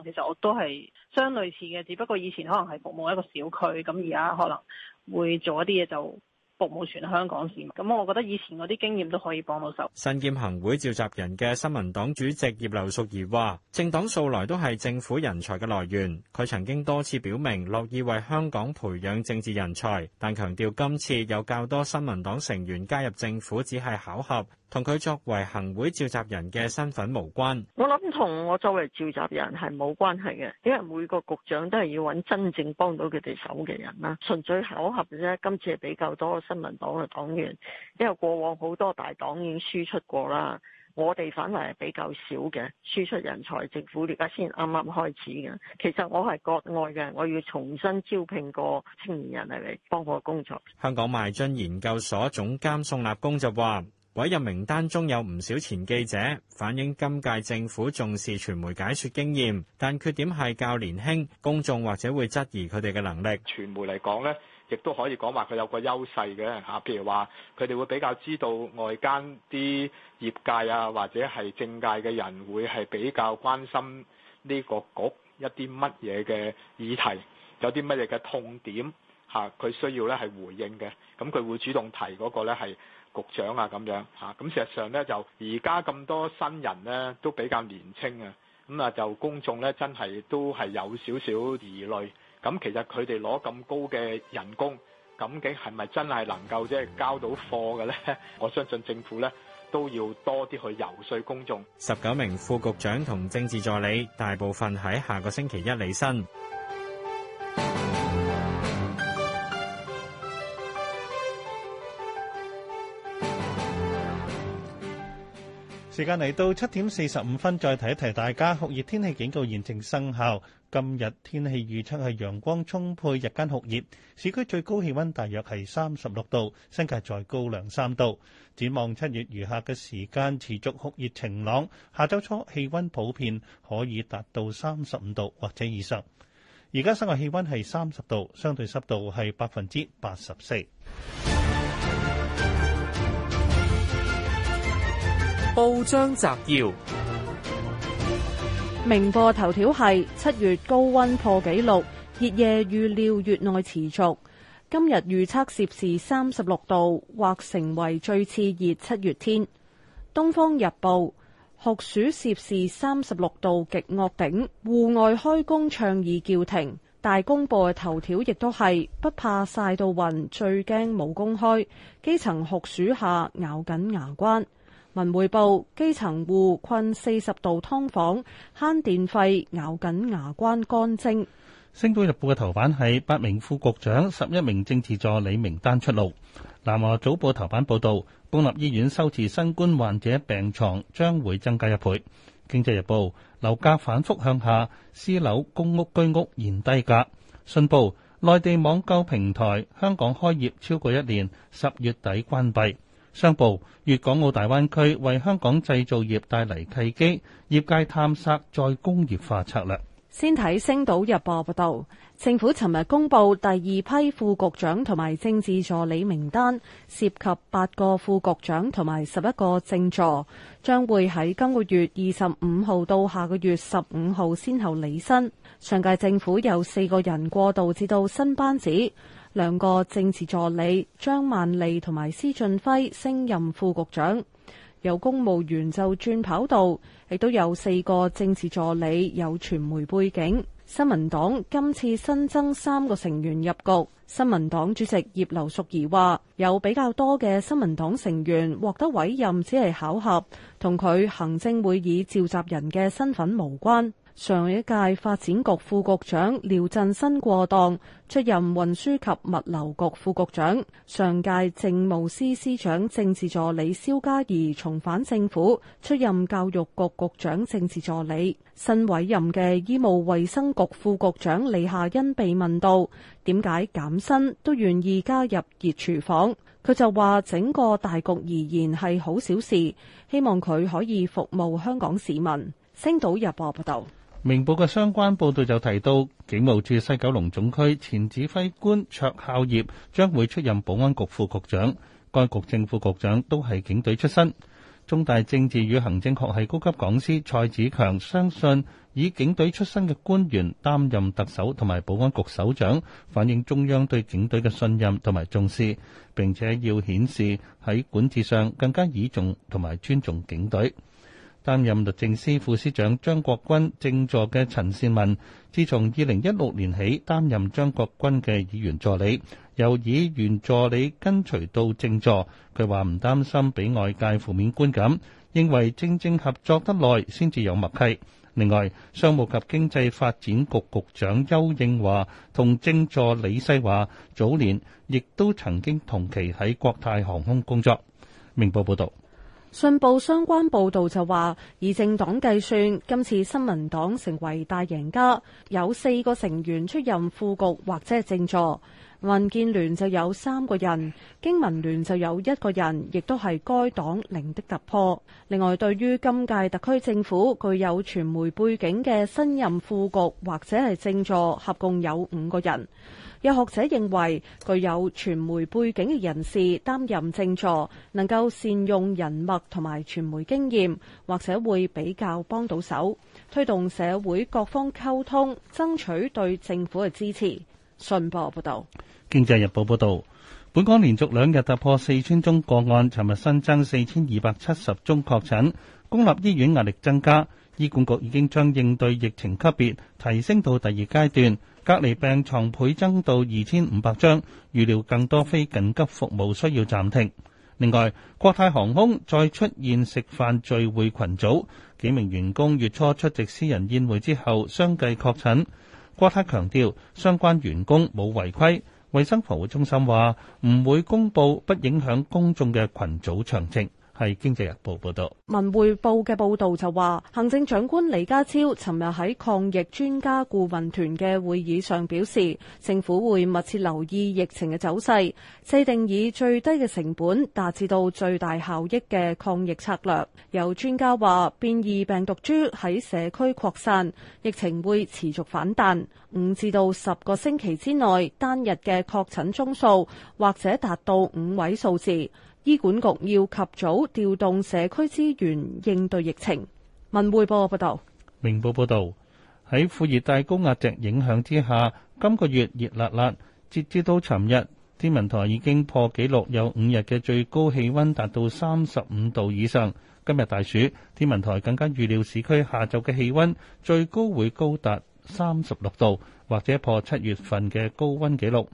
其實我都係相類似嘅，只不過以前可能係服務一個小區，咁而家可能會做一啲嘢就服務全香港市民。咁我覺得以前嗰啲經驗都可以幫到手。身兼行會召集人嘅新民黨主席葉劉淑儀話，政黨素來都係政府人才嘅來源，佢曾經多次表明樂意為香港培養政治人才，但強調今次有較多新民黨成員加入政府只係巧合。同佢作為行會召集人嘅身份無關，我諗同我作為召集人係冇關係嘅，因為每個局長都係要搵真正幫到佢哋手嘅人啦，純粹巧合啫。今次係比較多新民黨嘅黨員，因為過往好多大黨已經輸出過啦，我哋反為係比較少嘅輸出人才。政府而家先啱啱開始嘅，其實我係國外嘅，我要重新招聘個青年人嚟幫我工作。香港邁進研究所總監宋立功就話。委任名單中有唔少前記者，反映今屆政府重視傳媒解說經驗，但缺點係較年輕，公眾或者會質疑佢哋嘅能力。傳媒嚟講咧，亦都可以講話佢有個優勢嘅吓，譬如話佢哋會比較知道外間啲業界啊或者係政界嘅人會係比較關心呢個局一啲乜嘢嘅議題，有啲乜嘢嘅痛點吓，佢需要咧係回應嘅，咁佢會主動提嗰個咧係。局長啊，咁樣吓咁，事實上咧就而家咁多新人咧都比較年輕啊，咁啊就公眾咧真係都係有少少疑慮。咁其實佢哋攞咁高嘅人工，究竟係咪真係能夠即係交到貨嘅咧？我相信政府咧都要多啲去游說公眾。十九名副局長同政治助理大部分喺下個星期一履新。時間嚟到七點四十五分，再提一提大家酷熱天氣警告現正生效。今日天氣預測係陽光充沛，日間酷熱，市區最高氣温大約係三十六度，新界再高兩三度。展望七月餘下嘅時間持續酷熱晴朗，下週初氣温普遍可以達到三十五度或者以上。而家室外氣温係三十度，相對濕度係百分之八十四。報章摘要：明報頭條係七月高溫破紀錄，熱夜預料月內持續。今日預測攝氏三十六度，或成為最熾熱七月天。東方日報酷暑攝氏三十六度極惡頂，戶外開工倡議叫停。大公報嘅頭條亦都係不怕曬到暈，最驚冇工開。基層酷暑下咬緊牙關。文匯報：基層戶困四十度劏房，慳電費咬緊牙關乾蒸。星島日報嘅頭版係八名副局長，十一名政治助理名單出爐。南華早報頭版報道，公立醫院收治新冠患者病床將會增加一倍。經濟日報：樓價反復向下，私樓、公屋、居屋現低價。信報：內地網購平台香港開業超過一年，十月底關閉。商報：粵港澳大灣區為香港製造業帶嚟契機，業界探索再工業化策略。先睇星島日報報道，政府尋日公布第二批副局長同埋政治助理名單涉及八個副局長同埋十一個政助，將會喺今個月二十五號到下個月十五號先後離任。上屆政府有四個人過渡至到新班子。兩個政治助理張萬利同埋施俊輝升任副局長，有公務員就轉跑道，亦都有四個政治助理有傳媒背景。新民黨今次新增三個成員入局，新民黨主席葉劉淑儀話：有比較多嘅新民黨成員獲得委任，只係巧合，同佢行政會議召集人嘅身份無關。上一屆發展局副局長廖振新過檔，出任運輸及物流局副局長。上屆政務司司長政治助理蕭家怡重返政府，出任教育局局長政治助理。新委任嘅醫務衛生局副局長李夏欣被問到點解減薪都願意加入熱廚房，佢就話整個大局而言係好小事，希望佢可以服務香港市民。星島日報報道。明報嘅相關報導就提到，警務處西九龍總區前指揮官卓孝業將會出任保安局副局長，該局正副局長都係警隊出身。中大政治與行政學系高級講師蔡子強相信，以警隊出身嘅官員擔任特首同埋保安局首長，反映中央對警隊嘅信任同埋重視，並且要顯示喺管治上更加倚重同埋尊重警隊。擔任律政司副司長張國軍正座嘅陳善文，自從二零一六年起擔任張國軍嘅議員助理，由議員助理跟隨到正座。佢話唔擔心俾外界負面觀感，認為正正合作得耐先至有默契。另外，商務及經濟發展局局長邱應華同正座李西華早年亦都曾經同期喺國泰航空工作。明報報道。信報相關報道就話，以政黨計算，今次新民黨成為大贏家，有四個成員出任副局或者係正座；民建聯就有三個人，經民聯就有一個人，亦都係該黨零的突破。另外，對於今屆特區政府具有傳媒背景嘅新任副局或者係正座，合共有五個人。有學者認為，具有傳媒背景嘅人士擔任政助，能夠善用人脈同埋傳媒經驗，或者會比較幫到手，推動社會各方溝通，爭取對政府嘅支持。信報報道。《經濟日報》報道，本港連續兩日突破四千宗個案，尋日新增四千二百七十宗確診，公立醫院壓力增加，醫管局已經將應對疫情級別提升到第二階段。隔離病床倍增到二千五百張，預料更多非緊急服務需要暫停。另外，國泰航空再出現食飯聚會群組，幾名員工月初出席私人宴會之後，相繼確診。國泰強調相關員工冇違規。衛生防護中心話唔會公佈不影響公眾嘅群組詳情。係《經濟日報》報道，《文匯報》嘅報道就話行政長官李家超尋日喺抗疫專家顧問團嘅會議上表示，政府會密切留意疫情嘅走勢，制定以最低嘅成本達至到最大效益嘅抗疫策略。有專家話變異病毒株喺社區擴散，疫情會持續反彈，五至到十個星期之內單日嘅確診宗數或者達到五位數字。醫管局要及早調動社區資源應對疫情。文匯報報道。明報報道，喺副熱帶高壓脊影響之下，今個月熱辣辣，截至到尋日，天文台已經破紀錄，有五日嘅最高氣溫達到三十五度以上。今日大暑，天文台更加預料市區下晝嘅氣溫最高會高達三十六度，或者破七月份嘅高溫紀錄。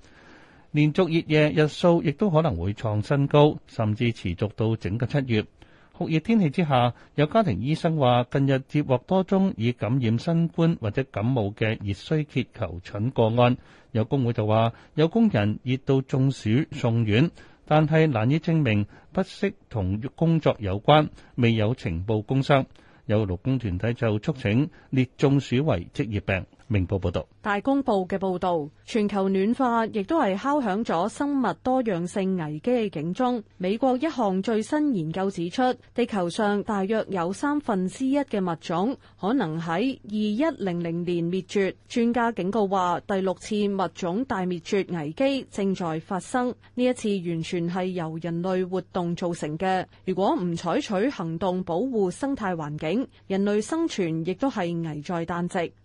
連續熱夜日數亦都可能會創新高，甚至持續到整個七月。酷熱天氣之下，有家庭醫生話，近日接獲多宗以感染新冠或者感冒嘅熱衰竭求診個案。有工會就話，有工人熱到中暑送院，但係難以證明不適同工作有關，未有呈報工傷。有勞工團體就促請列中暑為職業病。明報報道，大公報嘅報道，全球暖化亦都係敲響咗生物多樣性危機嘅警鐘。美國一項最新研究指出，地球上大約有三分之一嘅物種可能喺二一零零年滅絕。專家警告話，第六次物種大滅絕危機正在發生，呢一次完全係由人類活動造成嘅。如果唔採取行動保護生態環境，人類生存亦都係危在旦夕。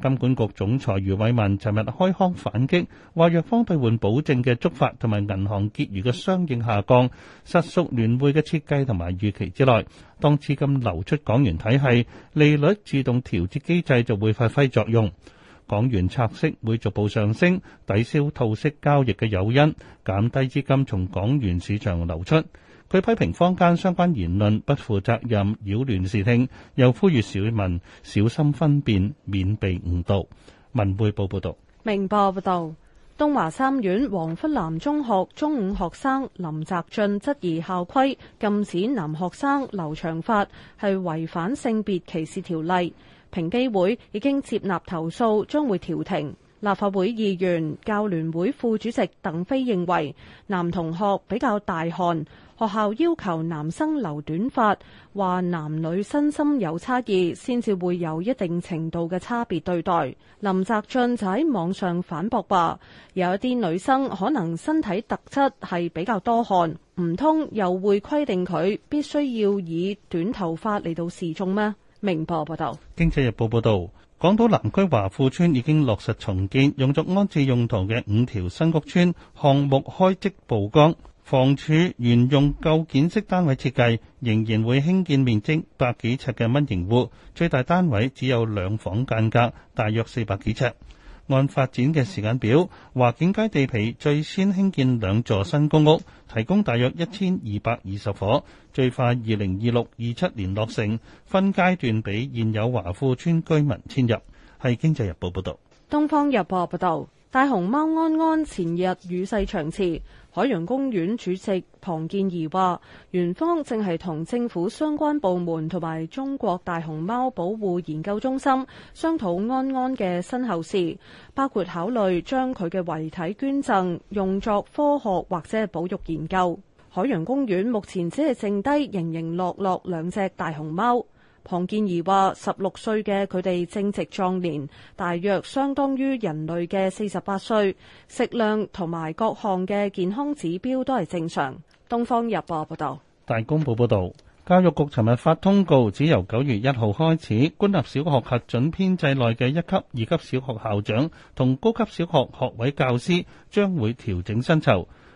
金管局總裁余偉文尋日開腔反擊，話弱方兌換保證嘅觸發同埋銀行結餘嘅相應下降，實屬聯匯嘅設計同埋預期之內。當資金流出港元體系，利率自動調節機制就會發揮作用，港元拆息會逐步上升，抵消套息交易嘅誘因，減低資金從港元市場流出。佢批評坊間相關言論不負責任，擾亂視聽，又呼籲市民小心分辨，免被誤導。文匯報報道。明報報導，東華三院黃福南中學中五學生林澤俊質疑校規禁止男學生留長髮係違反性別歧視條例。平機會已經接納投訴，將會調停。立法會議員、教聯會副主席鄧飛認為男同學比較大汗。學校要求男生留短髮，話男女身心有差異，先至會有一定程度嘅差別對待。林澤俊仔喺網上反駁吧。有一啲女生可能身體特質係比較多汗，唔通又會規定佢必須要以短頭髮嚟到示眾咩？《明報》報道，《經濟日報》報道，港島南區華富村已經落實重建，用作安置用途嘅五條新屋村項目開即曝光。房署沿用舊建式單位設計，仍然會興建面積百幾尺嘅蚊型屋，最大單位只有兩房間隔，大約四百幾尺。按發展嘅時間表，華景街地皮最先興建兩座新公屋，提供大約一千二百二十伙，最快二零二六二七年落成，分階段俾現有華富村居民遷入。係《經濟日報》報導，《東方日報》報道：「大熊貓安安前日與世長辭。海洋公園主席龐建貽話，園方正係同政府相關部門同埋中國大熊貓保護研究中心商討安安嘅身後事，包括考慮將佢嘅遺體捐贈用作科學或者係保育研究。海洋公園目前只係剩低盈盈樂樂兩隻大熊貓。龐健怡話：十六歲嘅佢哋正值壯年，大約相當於人類嘅四十八歲，食量同埋各項嘅健康指標都係正常。東方日報報道，大公報報道，教育局尋日發通告，只由九月一號開始，官立小學核准編製內嘅一級、二級小學校長同高級小學學位教師將會調整薪酬。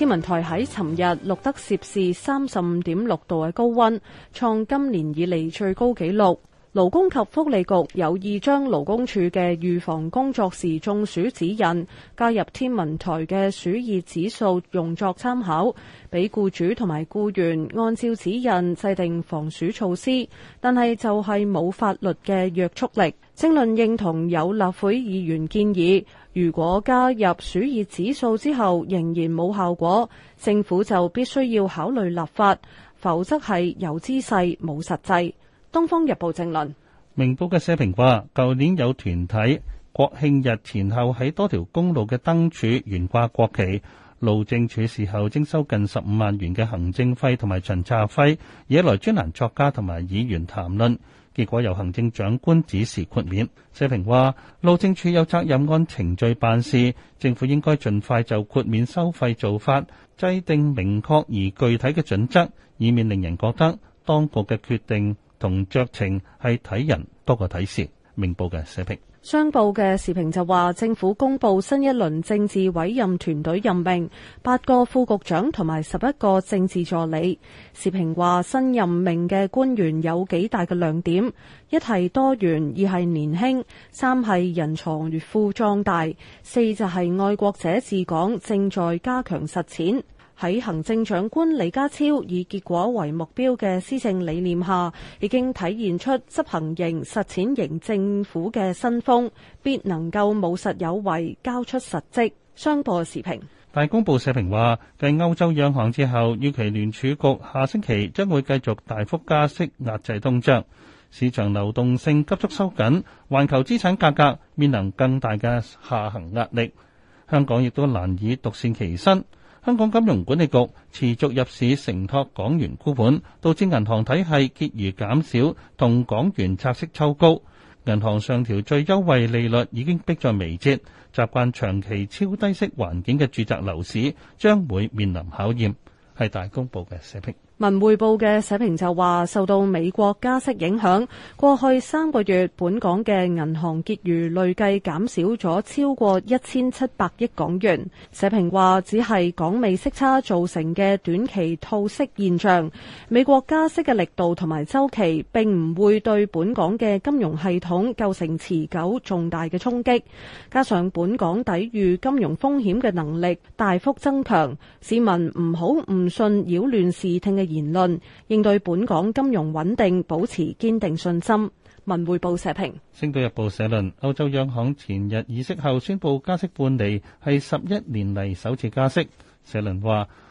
天文台喺尋日錄得攝氏三十五點六度嘅高溫，創今年以嚟最高紀錄。勞工及福利局有意將勞工處嘅預防工作時中暑指引加入天文台嘅暑熱指數，用作參考，俾雇主同埋僱員按照指引制定防暑措施。但係就係冇法律嘅約束力。政論認同有立會議員建議。如果加入暑熱指數之後仍然冇效果，政府就必須要考慮立法，否則係有姿勢冇實際。東方日報正論。明報嘅社評話舊年有團體國慶日前後喺多條公路嘅燈柱懸掛國旗，路政處事後徵收近十五萬元嘅行政費同埋巡查費惹來專欄作家同埋議員談論。結果由行政長官指示豁免。社評話，路政署有責任按程序辦事，政府應該盡快就豁免收費做法制定明確而具體嘅準則，以免令人覺得當局嘅決定同酌情係睇人多過睇事。明報嘅社評。商報嘅時評就話，政府公布新一輪政治委任團隊任命，八個副局長同埋十一個政治助理。時評話，新任命嘅官員有幾大嘅亮點：一係多元，二係年輕，三係人才越富壯大，四就係愛國者治港正在加強實踐。喺行政長官李家超以結果為目標嘅施政理念下，已經體現出執行型、實踐型政府嘅新風，必能夠務實有為，交出實績。商報時評。大公報社評話，繼歐洲央行之後，預期聯儲局下星期將會繼續大幅加息，壓制通脹，市場流動性急速收緊，環球資產價格，格面臨更大嘅下行壓力。香港亦都難以獨善其身。香港金融管理局持續入市承托港元沽盤，導致銀行體系結餘減少同港元拆息抽高。銀行上調最優惠利率已經迫在眉睫，習慣長期超低息環境嘅住宅樓市將會面臨考驗，係大公報嘅社評。文匯報嘅社評就話，受到美國加息影響，過去三個月本港嘅銀行結餘累計減少咗超過一千七百億港元。社評話，只係港美息差造成嘅短期套息現象，美國加息嘅力度同埋周期，並唔會對本港嘅金融系統構成持久重大嘅衝擊。加上本港抵禦金融風險嘅能力大幅增強，市民唔好唔信擾亂視聽嘅。言論應對本港金融穩定保持堅定信心。文匯報社評，《星島日報》社論：歐洲央行前日議息後宣布加息半釐，係十一年嚟首次加息。社論話：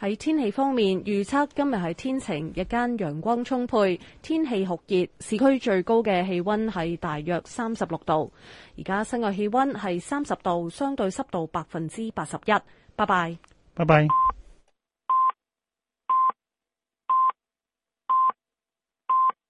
喺天氣方面，預測今日係天晴，日間陽光充沛，天氣酷熱，市區最高嘅氣溫係大約三十六度。而家室外氣溫係三十度，相對濕度百分之八十一。拜拜，拜拜。